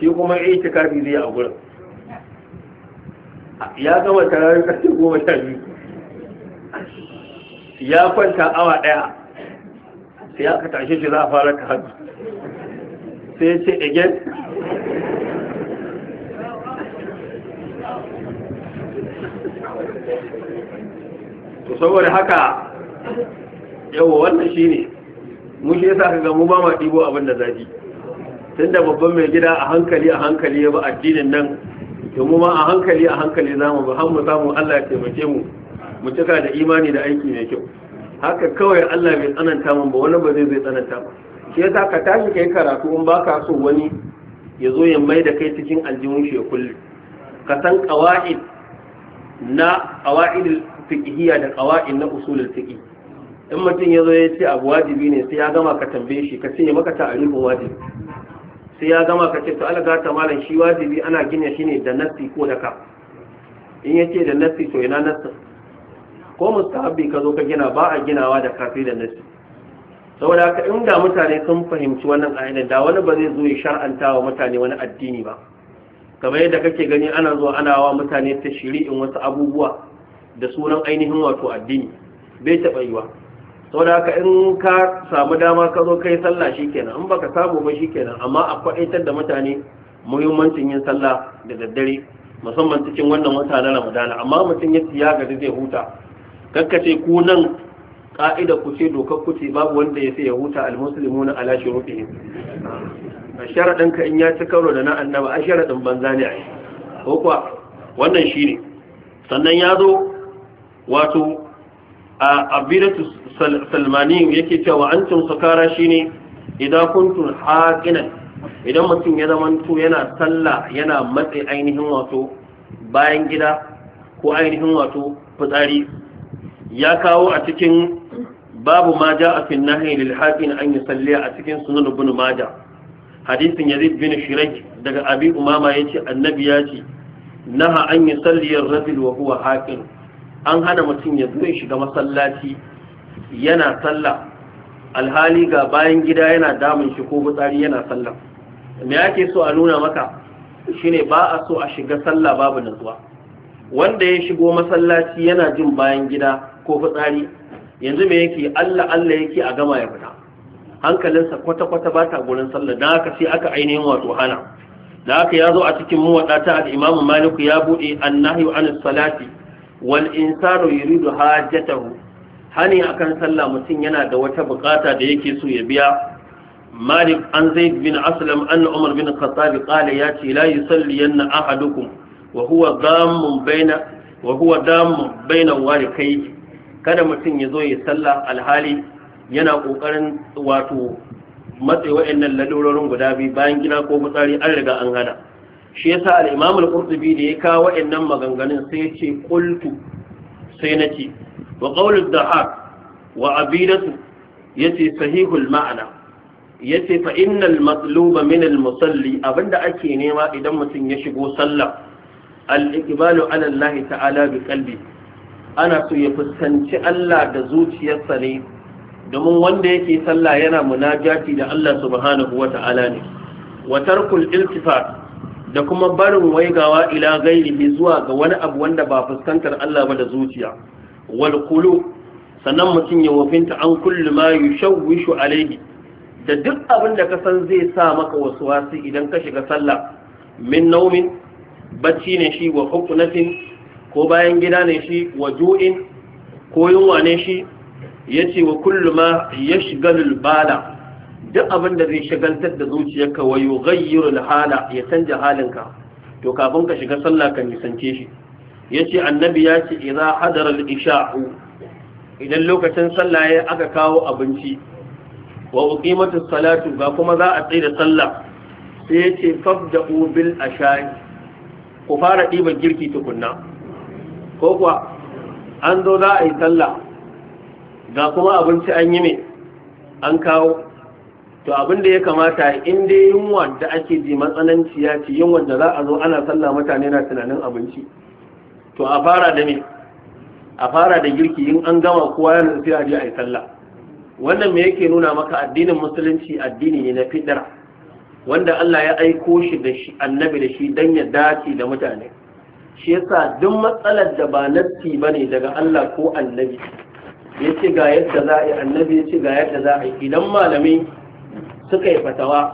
Speaker 1: shi kuma itikafi zai a gurin ya gama tarawi karfe 12 ya kwanta awa daya sai aka tashi shi za a fara tahajjud sai ce again to saboda haka yawa wannan shi ne mu shi yasa kaga mu ba ma ɗibo abin da zafi tunda babban mai gida a hankali a hankali ya ba addinin nan to mu ma a hankali a hankali za mu ba har mu samu Allah ya taimake mu mu cika da imani da aiki mai kyau haka kawai Allah bai tsananta mu ba wani ba zai zai tsananta mu shi yasa ka tashi kai karatu in baka so wani ya zo ya mai da kai cikin aljihun shi ya kulle. ka san qawaid na qawaid fiqhiyya da qawaid na usul fiqh in mutum ya zo ya ce abu wajibi ne sai ya gama ka tambaye shi ka ce maka ta'arifin wajibi sai ya gama ka ce to Allah ta malam shi wajibi ana gina shi ne da nassi ko da ka in ya ce da nassi to ina nassi ko mustahabi ka zo ka gina ba a ginawa da kafi da nassi saboda haka inda mutane sun fahimci wannan ayyana da wani ba zai zo ya shar'anta wa mutane wani addini ba kamar yadda kake gani ana zuwa ana wa mutane ta shiri'in wasu abubuwa da sunan ainihin wato addini bai taɓa yiwa saboda haka in ka samu dama ka zo kai sallah shikenan in baka samu ba shikenan amma a kwaɗaitar da mutane muhimmancin yin sallah da daddare musamman cikin wannan wata na ramadana amma mutum ya siya gari zai huta kakkace ku nan ka'ida ku ce dokar ku ce babu wanda ya sai ya huta almuslimuna ala shurutihim a sharadin ka in ya ci karo da na annaba a sharaɗin banza ne ai ko kuwa wannan shine sannan ya zo wato a abiratu salmani yake cewa antum sakara shine idan kuntun haqinan idan mutum ya to yana sallah yana matsayi ainihin wato bayan gida ko ainihin wato fitsari ya kawo a cikin babu ma ja a fin nahi lil an yi a cikin sunan ibn maja hadisin yazid bin shiraj daga abi umama yace annabi ya ce naha an yi salliyar rajul wa huwa haƙin an hana mutum ya zo shiga masallaci yana sallah alhali ga bayan gida yana damun shi ko fitsari yana salla me ake so a nuna maka shine ba a so a shiga salla babu nazuwa wanda ya shigo masallaci yana jin bayan gida ko fitsari yanzu me yake Allah Allah yake a gama ya fita hankalinsa kwata-kwata ba ta gurin sallah don haka sai aka ainihin wato hana da haka ya zo a cikin muwaɗa ta al'imamu maliku ya buɗe annahi an salati wal insanu yuridu hajjatahu hani akan sallah mutum yana da wata bukata da yake so ya biya malik an zaid bin aslam an umar bin khattab qala ya ce la yusalliyanna ahadukum wa huwa dammun baina wa huwa dammun baina warikayhi kada mutum ya zo ya sallah alhali yana ƙoƙarin wato matsayi wa'annan lalurorin guda biyu bayan gina ko fitsari an riga an hana shi yasa al-Imam al da ya kawo wa'annan maganganun sai ya ce qultu sai na ce wa qawlu dhahab wa abidatu yace sahihul ma'ana yace fa innal matluba min al-musalli abinda ake nema idan mutum ya shigo sallah al-iqbalu ala Allah ta'ala bi qalbi ana so ya fuskanci Allah da zuciyarsa ne domin wanda yake sallah yana munajati da Allah subhanahu wata'ala ne wa tarkul iltifat da kuma barin waigawa ila gairihi zuwa ga wani abu wanda ba fuskantar Allah ba da zuciya wal qulu sannan mutum ya wafinta an kullu ma yushawwishu alayhi da duk abin da ka san zai sa maka wasu wasi idan ka shiga sallah min naumin bacci ne shi wa hukunatin ko bayan gida ne shi wa ju'in ko yunwa ne shi ya ce wa kullu ya shigalul bala duk abinda zai shagaltar da zuciyarka wa yughayyirul hala ya canja halinka to kafin ka shiga sallah ka nisance shi yace annabi ya ce idza hadara ishau idan lokacin sallah ya aka kawo abinci wa mata salatu ga kuma za a tsaye da sallah sai yace ubil a shayi. ku fara diba girki tukunna ko kuwa an zo za a yi sallah ga kuma abinci an yi mai an kawo to abin da ya kamata in dai yunwa da ake ji matsananci ya ce yunwa da za a zo ana sallah mutane na tunanin abinci to a fara da me a fara da girki in an gama kowa yana sai a je a yi sallah wannan me yake nuna maka addinin musulunci addini ne na fidar wanda Allah ya aiko shi da shi annabi da shi dan ya dace da mutane shi yasa duk matsalar da ba nassi bane daga Allah ko annabi ya ce ga yadda za a yi annabi ya ce ga yadda za a yi idan malamai suka yi fatawa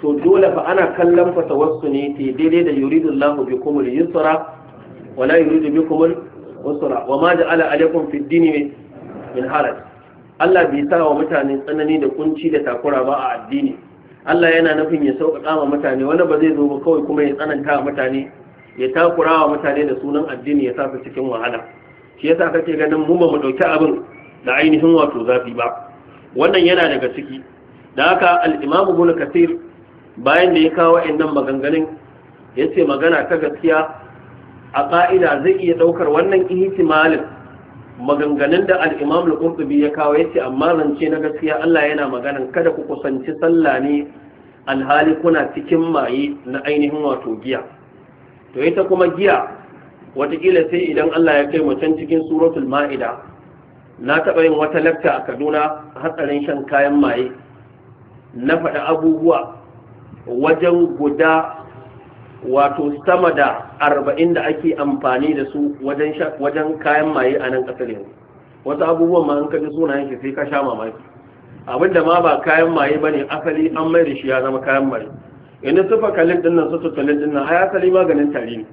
Speaker 1: to dole fa ana kallon fatawarsu ne ta daidai da yuridullahu Allah bi kumul yusra wala yuridu bi kumul usra wa ma ja'ala alaikum fid dini min haraj Allah bai sa wa mutane tsanani da kunci da takura ba a addini Allah yana nufin ya sauƙaƙa wa mutane wani ba zai zo ba kawai kuma ya tsananta wa mutane ya takura wa mutane da sunan addini ya sa su cikin wahala shi yasa kake ganin mu ba mu dauki abin da ainihin wato zafi ba wannan yana daga ciki da haka al-imamu ibn kathir bayan da ya kawo wa'annan maganganun yace magana ta gaskiya a ka'ida zai iya daukar wannan ihtimalin maganganun da al-imam al-qurtubi ya kawo yace amma zance na gaskiya Allah yana magana. kada ku kusanci sallah ne alhali kuna cikin maye na ainihin wato giya to ita kuma giya watakila sai idan Allah ya kai mu can cikin suratul ma'ida na taɓa yin wata lakta a Kaduna hatsarin shan kayan maye na faɗi abubuwa wajen guda wato sama da arba'in da ake amfani da su wajen kayan maye a nan ƙasar yanzu wasu abubuwan ma an kaji sunayen shi sai ka sha mamaki abinda ma ba kayan maye bane asali an mai da shi ya zama kayan maye yanzu tufa kalin din nan sufa kalin din nan maganin tari ne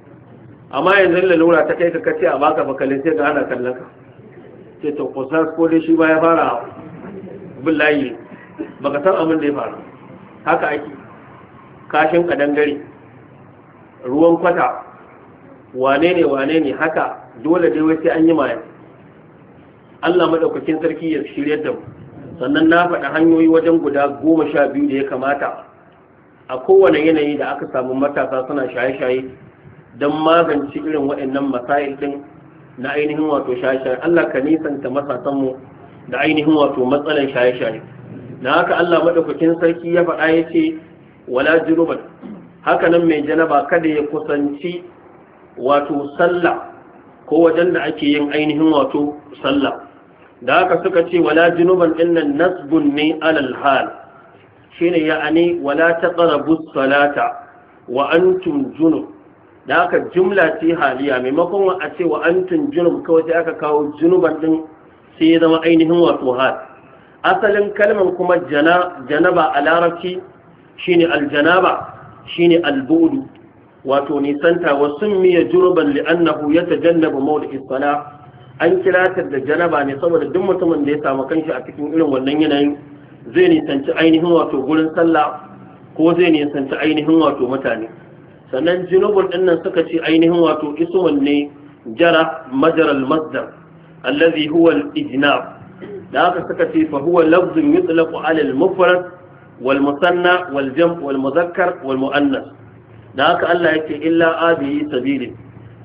Speaker 1: amma yanzu lalura ta kai ka kace a baka kalin sai ga ana kallon ka ce to kusa ko dai shi ba ya fara billahi baka san abin da ya faru haka ake kashin kadangare ruwan kwata wane ne wane ne haka dole dai wai sai an yi maye Allah madaukakin sarki ya shirye da mu sannan na faɗa hanyoyi wajen guda goma sha biyu da ya kamata a kowane yanayi da aka samu matasa suna shaye-shaye don magance irin waɗannan masail ɗin na ainihin wato shaye-shaye Allah ka nisanta matasanmu da ainihin wato matsalan shaye-shaye na haka Allah madaukakin sarki ya faɗa ya ce wala jiruban haka nan mai janaba kada ya kusanci wato sallah ko wajen da ake yin ainihin wato sallah da haka suka ce wala jinuban ɗin nan nasbun ne alal hal shine ya'ani wala taqrabu salata wa antum junub da aka jumla ce haliya maimakon a ce wa kawai sai aka kawo junuban ɗin sai ya zama ainihin wato hal asalin kalmar kuma janaba a larabci shine aljanaba shine albudu wato nisanta wa miya junuban li'annahu yatajannabu mawdi'is isfala an kira ta da janaba ne saboda duk mutumin da ya samu kanshi a cikin irin wannan yanayin zai nisanci ainihin wato gurin sallah ko zai nisanci ainihin wato mutane sannan junubun nan suka ce ainihin wato isuwan ne jara majaral masdar allazi huwa al-ijnab da haka suka ce fa huwa lafzun yutlaqu ala al-mufrad wal musanna wal jam' wal wal muannas da haka Allah yake illa abi sabili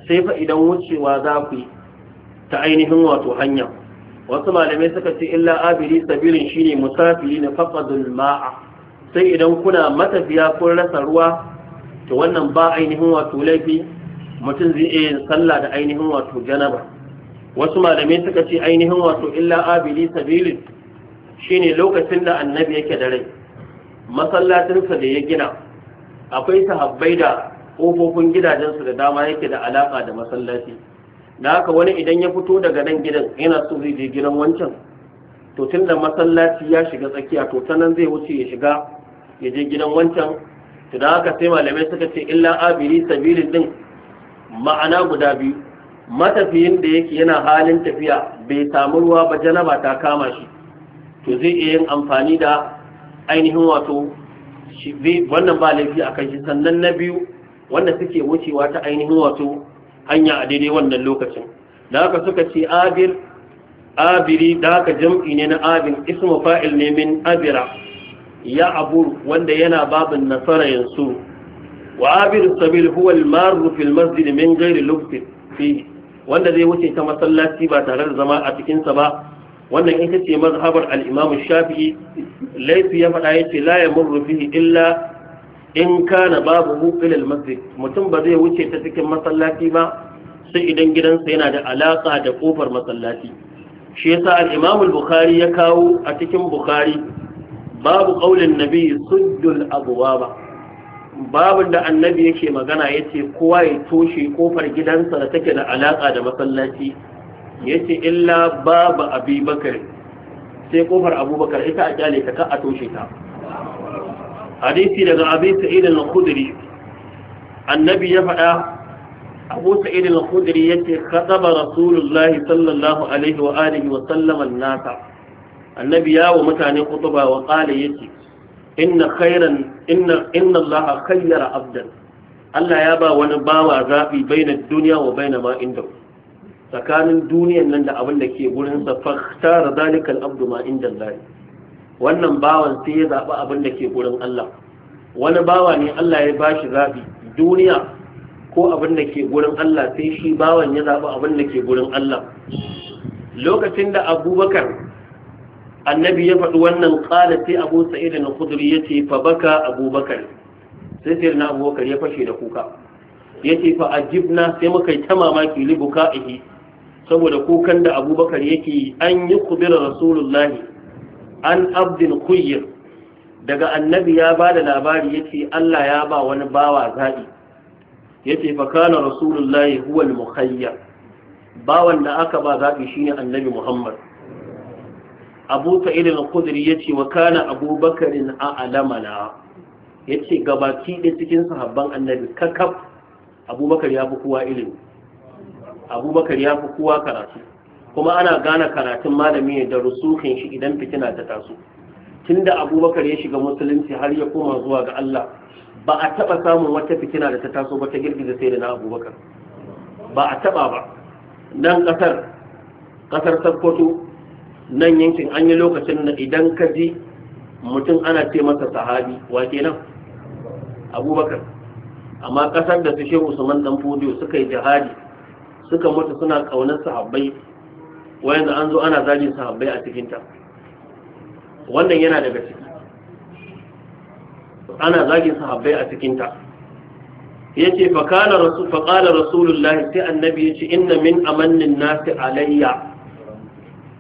Speaker 1: sai fa idan wucewa za ku ta ainihin wato hanya wasu malamai suka ce illa abiri sabirin shine musafiri na faqadul ma'a sai idan kuna matafiya kun rasa ruwa to wannan ba ainihin wato laifi mutum zai iya yin sallah da ainihin wato janaba wasu malamai suka ce ainihin wato illa abiri sabirin shine lokacin da annabi yake da rai masallatinsa da ya gina akwai sahabbai da ƙofofin gidajensu da dama yake da alaƙa da masallaci da haka wani idan ya fito daga nan gidan yana so zai je gidan wancan to tun da masallaci ya shiga tsakiya to ta nan zai wuce ya shiga ya je gidan wancan to da haka sai malamai suka ce illa abiri sabili din ma'ana guda biyu matafiyin da yake yana halin tafiya bai samu ruwa ba janaba ta kama shi to zai iya yin amfani da ainihin wato wannan ba laifi a kan shi sannan na biyu wanda suke wucewa ta ainihin wato hanya a daidai wannan lokacin da haka suka ce abir abiri da haka jam'i ne na abin ismu fa'il ne min abira ya abu wanda yana babin nasara yansu wa abir sabil huwa al-marru fil masjid min ghairi fi wanda zai wuce ta masallaci ba tare da zama a cikin sa ba wannan ita ce mazhabar al-imam shafi'i laifi ya faɗa yace la yamurru fihi illa in kana babu hu ilal mutum ba zai wuce ta cikin masallaci ba sai idan gidansa yana da alaka da kofar masallaci shi yasa al-Imam al-Bukhari ya kawo a cikin Bukhari babu qaulin nabi suddul abwaba babin da annabi yake magana yace kowa ya toshe kofar gidansa da take da alaka da masallaci yace illa babu Abubakar sai kofar Abubakar ita a kyale ta ka a toshe ta hadisi daga abin sa'id al-khudri annabi ya faɗa abu sa'id al-khudri yake kataba rasulullah sallallahu alaihi wa alihi wa sallam an annabi ya wa mutane kutuba wa qala yace inna khairan inna inna allaha khayyara abdan Allah ya ba wani bawa zabi baina duniya wa baina ma inda tsakanin duniyan nan da abin da ke gurin sa fa tara zalikal abdu ma inda Allah wannan bawan sai ya zaɓi abin da ke gurin Allah wani bawa ne Allah ya ba shi zaɓi duniya ko abin da ke gurin Allah sai shi bawan ya zaɓi abin da ke gurin Allah lokacin da abubakar annabi ya faɗi wannan ƙala sai abu sa'id na Kudur ya ce fa baka abubakar sai sai na abubakar ya fashe da kuka ya ce fa ajibna sai muka yi ta mamaki libuka ihi saboda kukan da abubakar yake an yi kubira rasulullahi an abdin kuyyir daga annabi ya ba da labari ya ce Allah ya ba wani bawa zaɓi ya ce fakana rasulullahi huwal muhayyar bawan da aka ba zaɓi shine annabi muhammad abu sa'id al ya yace wa kana abubakarin a'lamana yace gabaki da cikin sahabban annabi kakaf abubakar ya fi kowa ilimi abubakar ya fi kowa karatu kuma ana gane karatun malami ne da rusukin shi idan fitina ta taso tunda abubakar ya shiga musulunci har ya koma zuwa ga Allah ba a taba samun wata fitina da ta taso ba ta girgiza sai da na abubakar ba a taba ba nan kasar kasar sakkoto, nan yankin an yi lokacin da idan ka ji mutum ana ce masa sahabi wa kenan abubakar amma kasar da su shehu usman dan fodiyo suka yi jihadi suka mutu suna kaunar sahabbai wayan an zo ana zagin sahabbai a cikinta wannan yana daga ciki ana zagin sahabbai a cikinta ya ce faƙalar rasulullahi sai annabi ya ce inna min amannin nasi alayya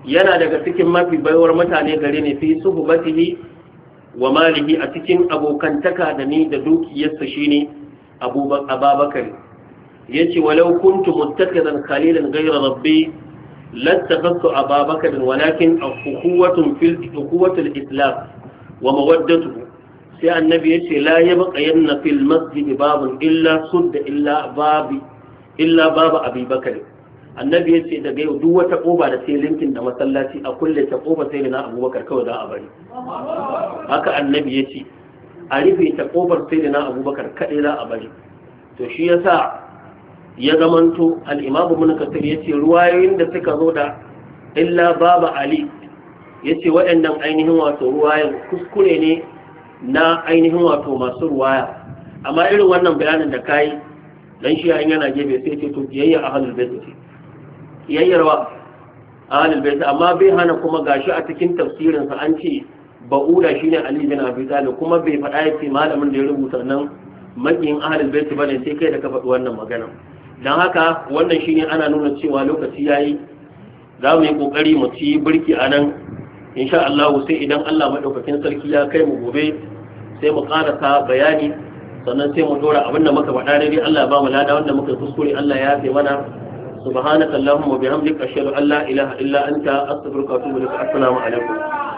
Speaker 1: yana daga cikin mafi baiwar mutane gare ne fi su hubatihi wa malihi a cikin abokantaka da ni da dukiyarsa ne, abubakar ya ce walau kuntu muttakidan khalilan gaira rabbi lattakattu ababakar walakin akhuwatun fil ukhuwatul islam wa mawaddatuhu sai annabi yace la yabqa yanna fil masjid babun illa sudda illa babi illa babu abubakar annabi yace duk wata koba da sai linkin da masallaci a kulle ta koba sai na abubakar kawai za a bari haka annabi yace a rufe ta kofar sai da na abubakar kaɗai za a bari to shi ya sa ya zamanto al'imamu mun kasir ya ce ruwayoyin da suka zo da illa baba ali ya ce waɗannan ainihin wato ruwayan kuskure ne na ainihin wato masu ruwaya amma irin wannan bayanin da kayi don shi yayin yana gefe sai ce to biyayya ahlul bai ce yayyar wa ahlul bait amma bai hana kuma gashi a cikin tafsirinsa an ce ba'uda ne ali bin abi talib kuma bai faɗa ya ce malamin da ya rubuta nan halin bai ba bane sai kai da ka faɗi wannan magana don haka wannan shine ana nuna cewa lokaci yayi za mu yi ƙoƙari mu ci birki a nan insha Allah sai idan Allah madaukakin sarki ya kai mu gobe sai mu karasa bayani sannan sai mu dora abin da muka faɗa dai Allah ba mu lada wanda muka kuskure Allah ya yafe mana subhanakallahumma wa bihamdika ashhadu an la ilaha illa anta astaghfiruka wa atubu ilaik
Speaker 3: assalamu alaikum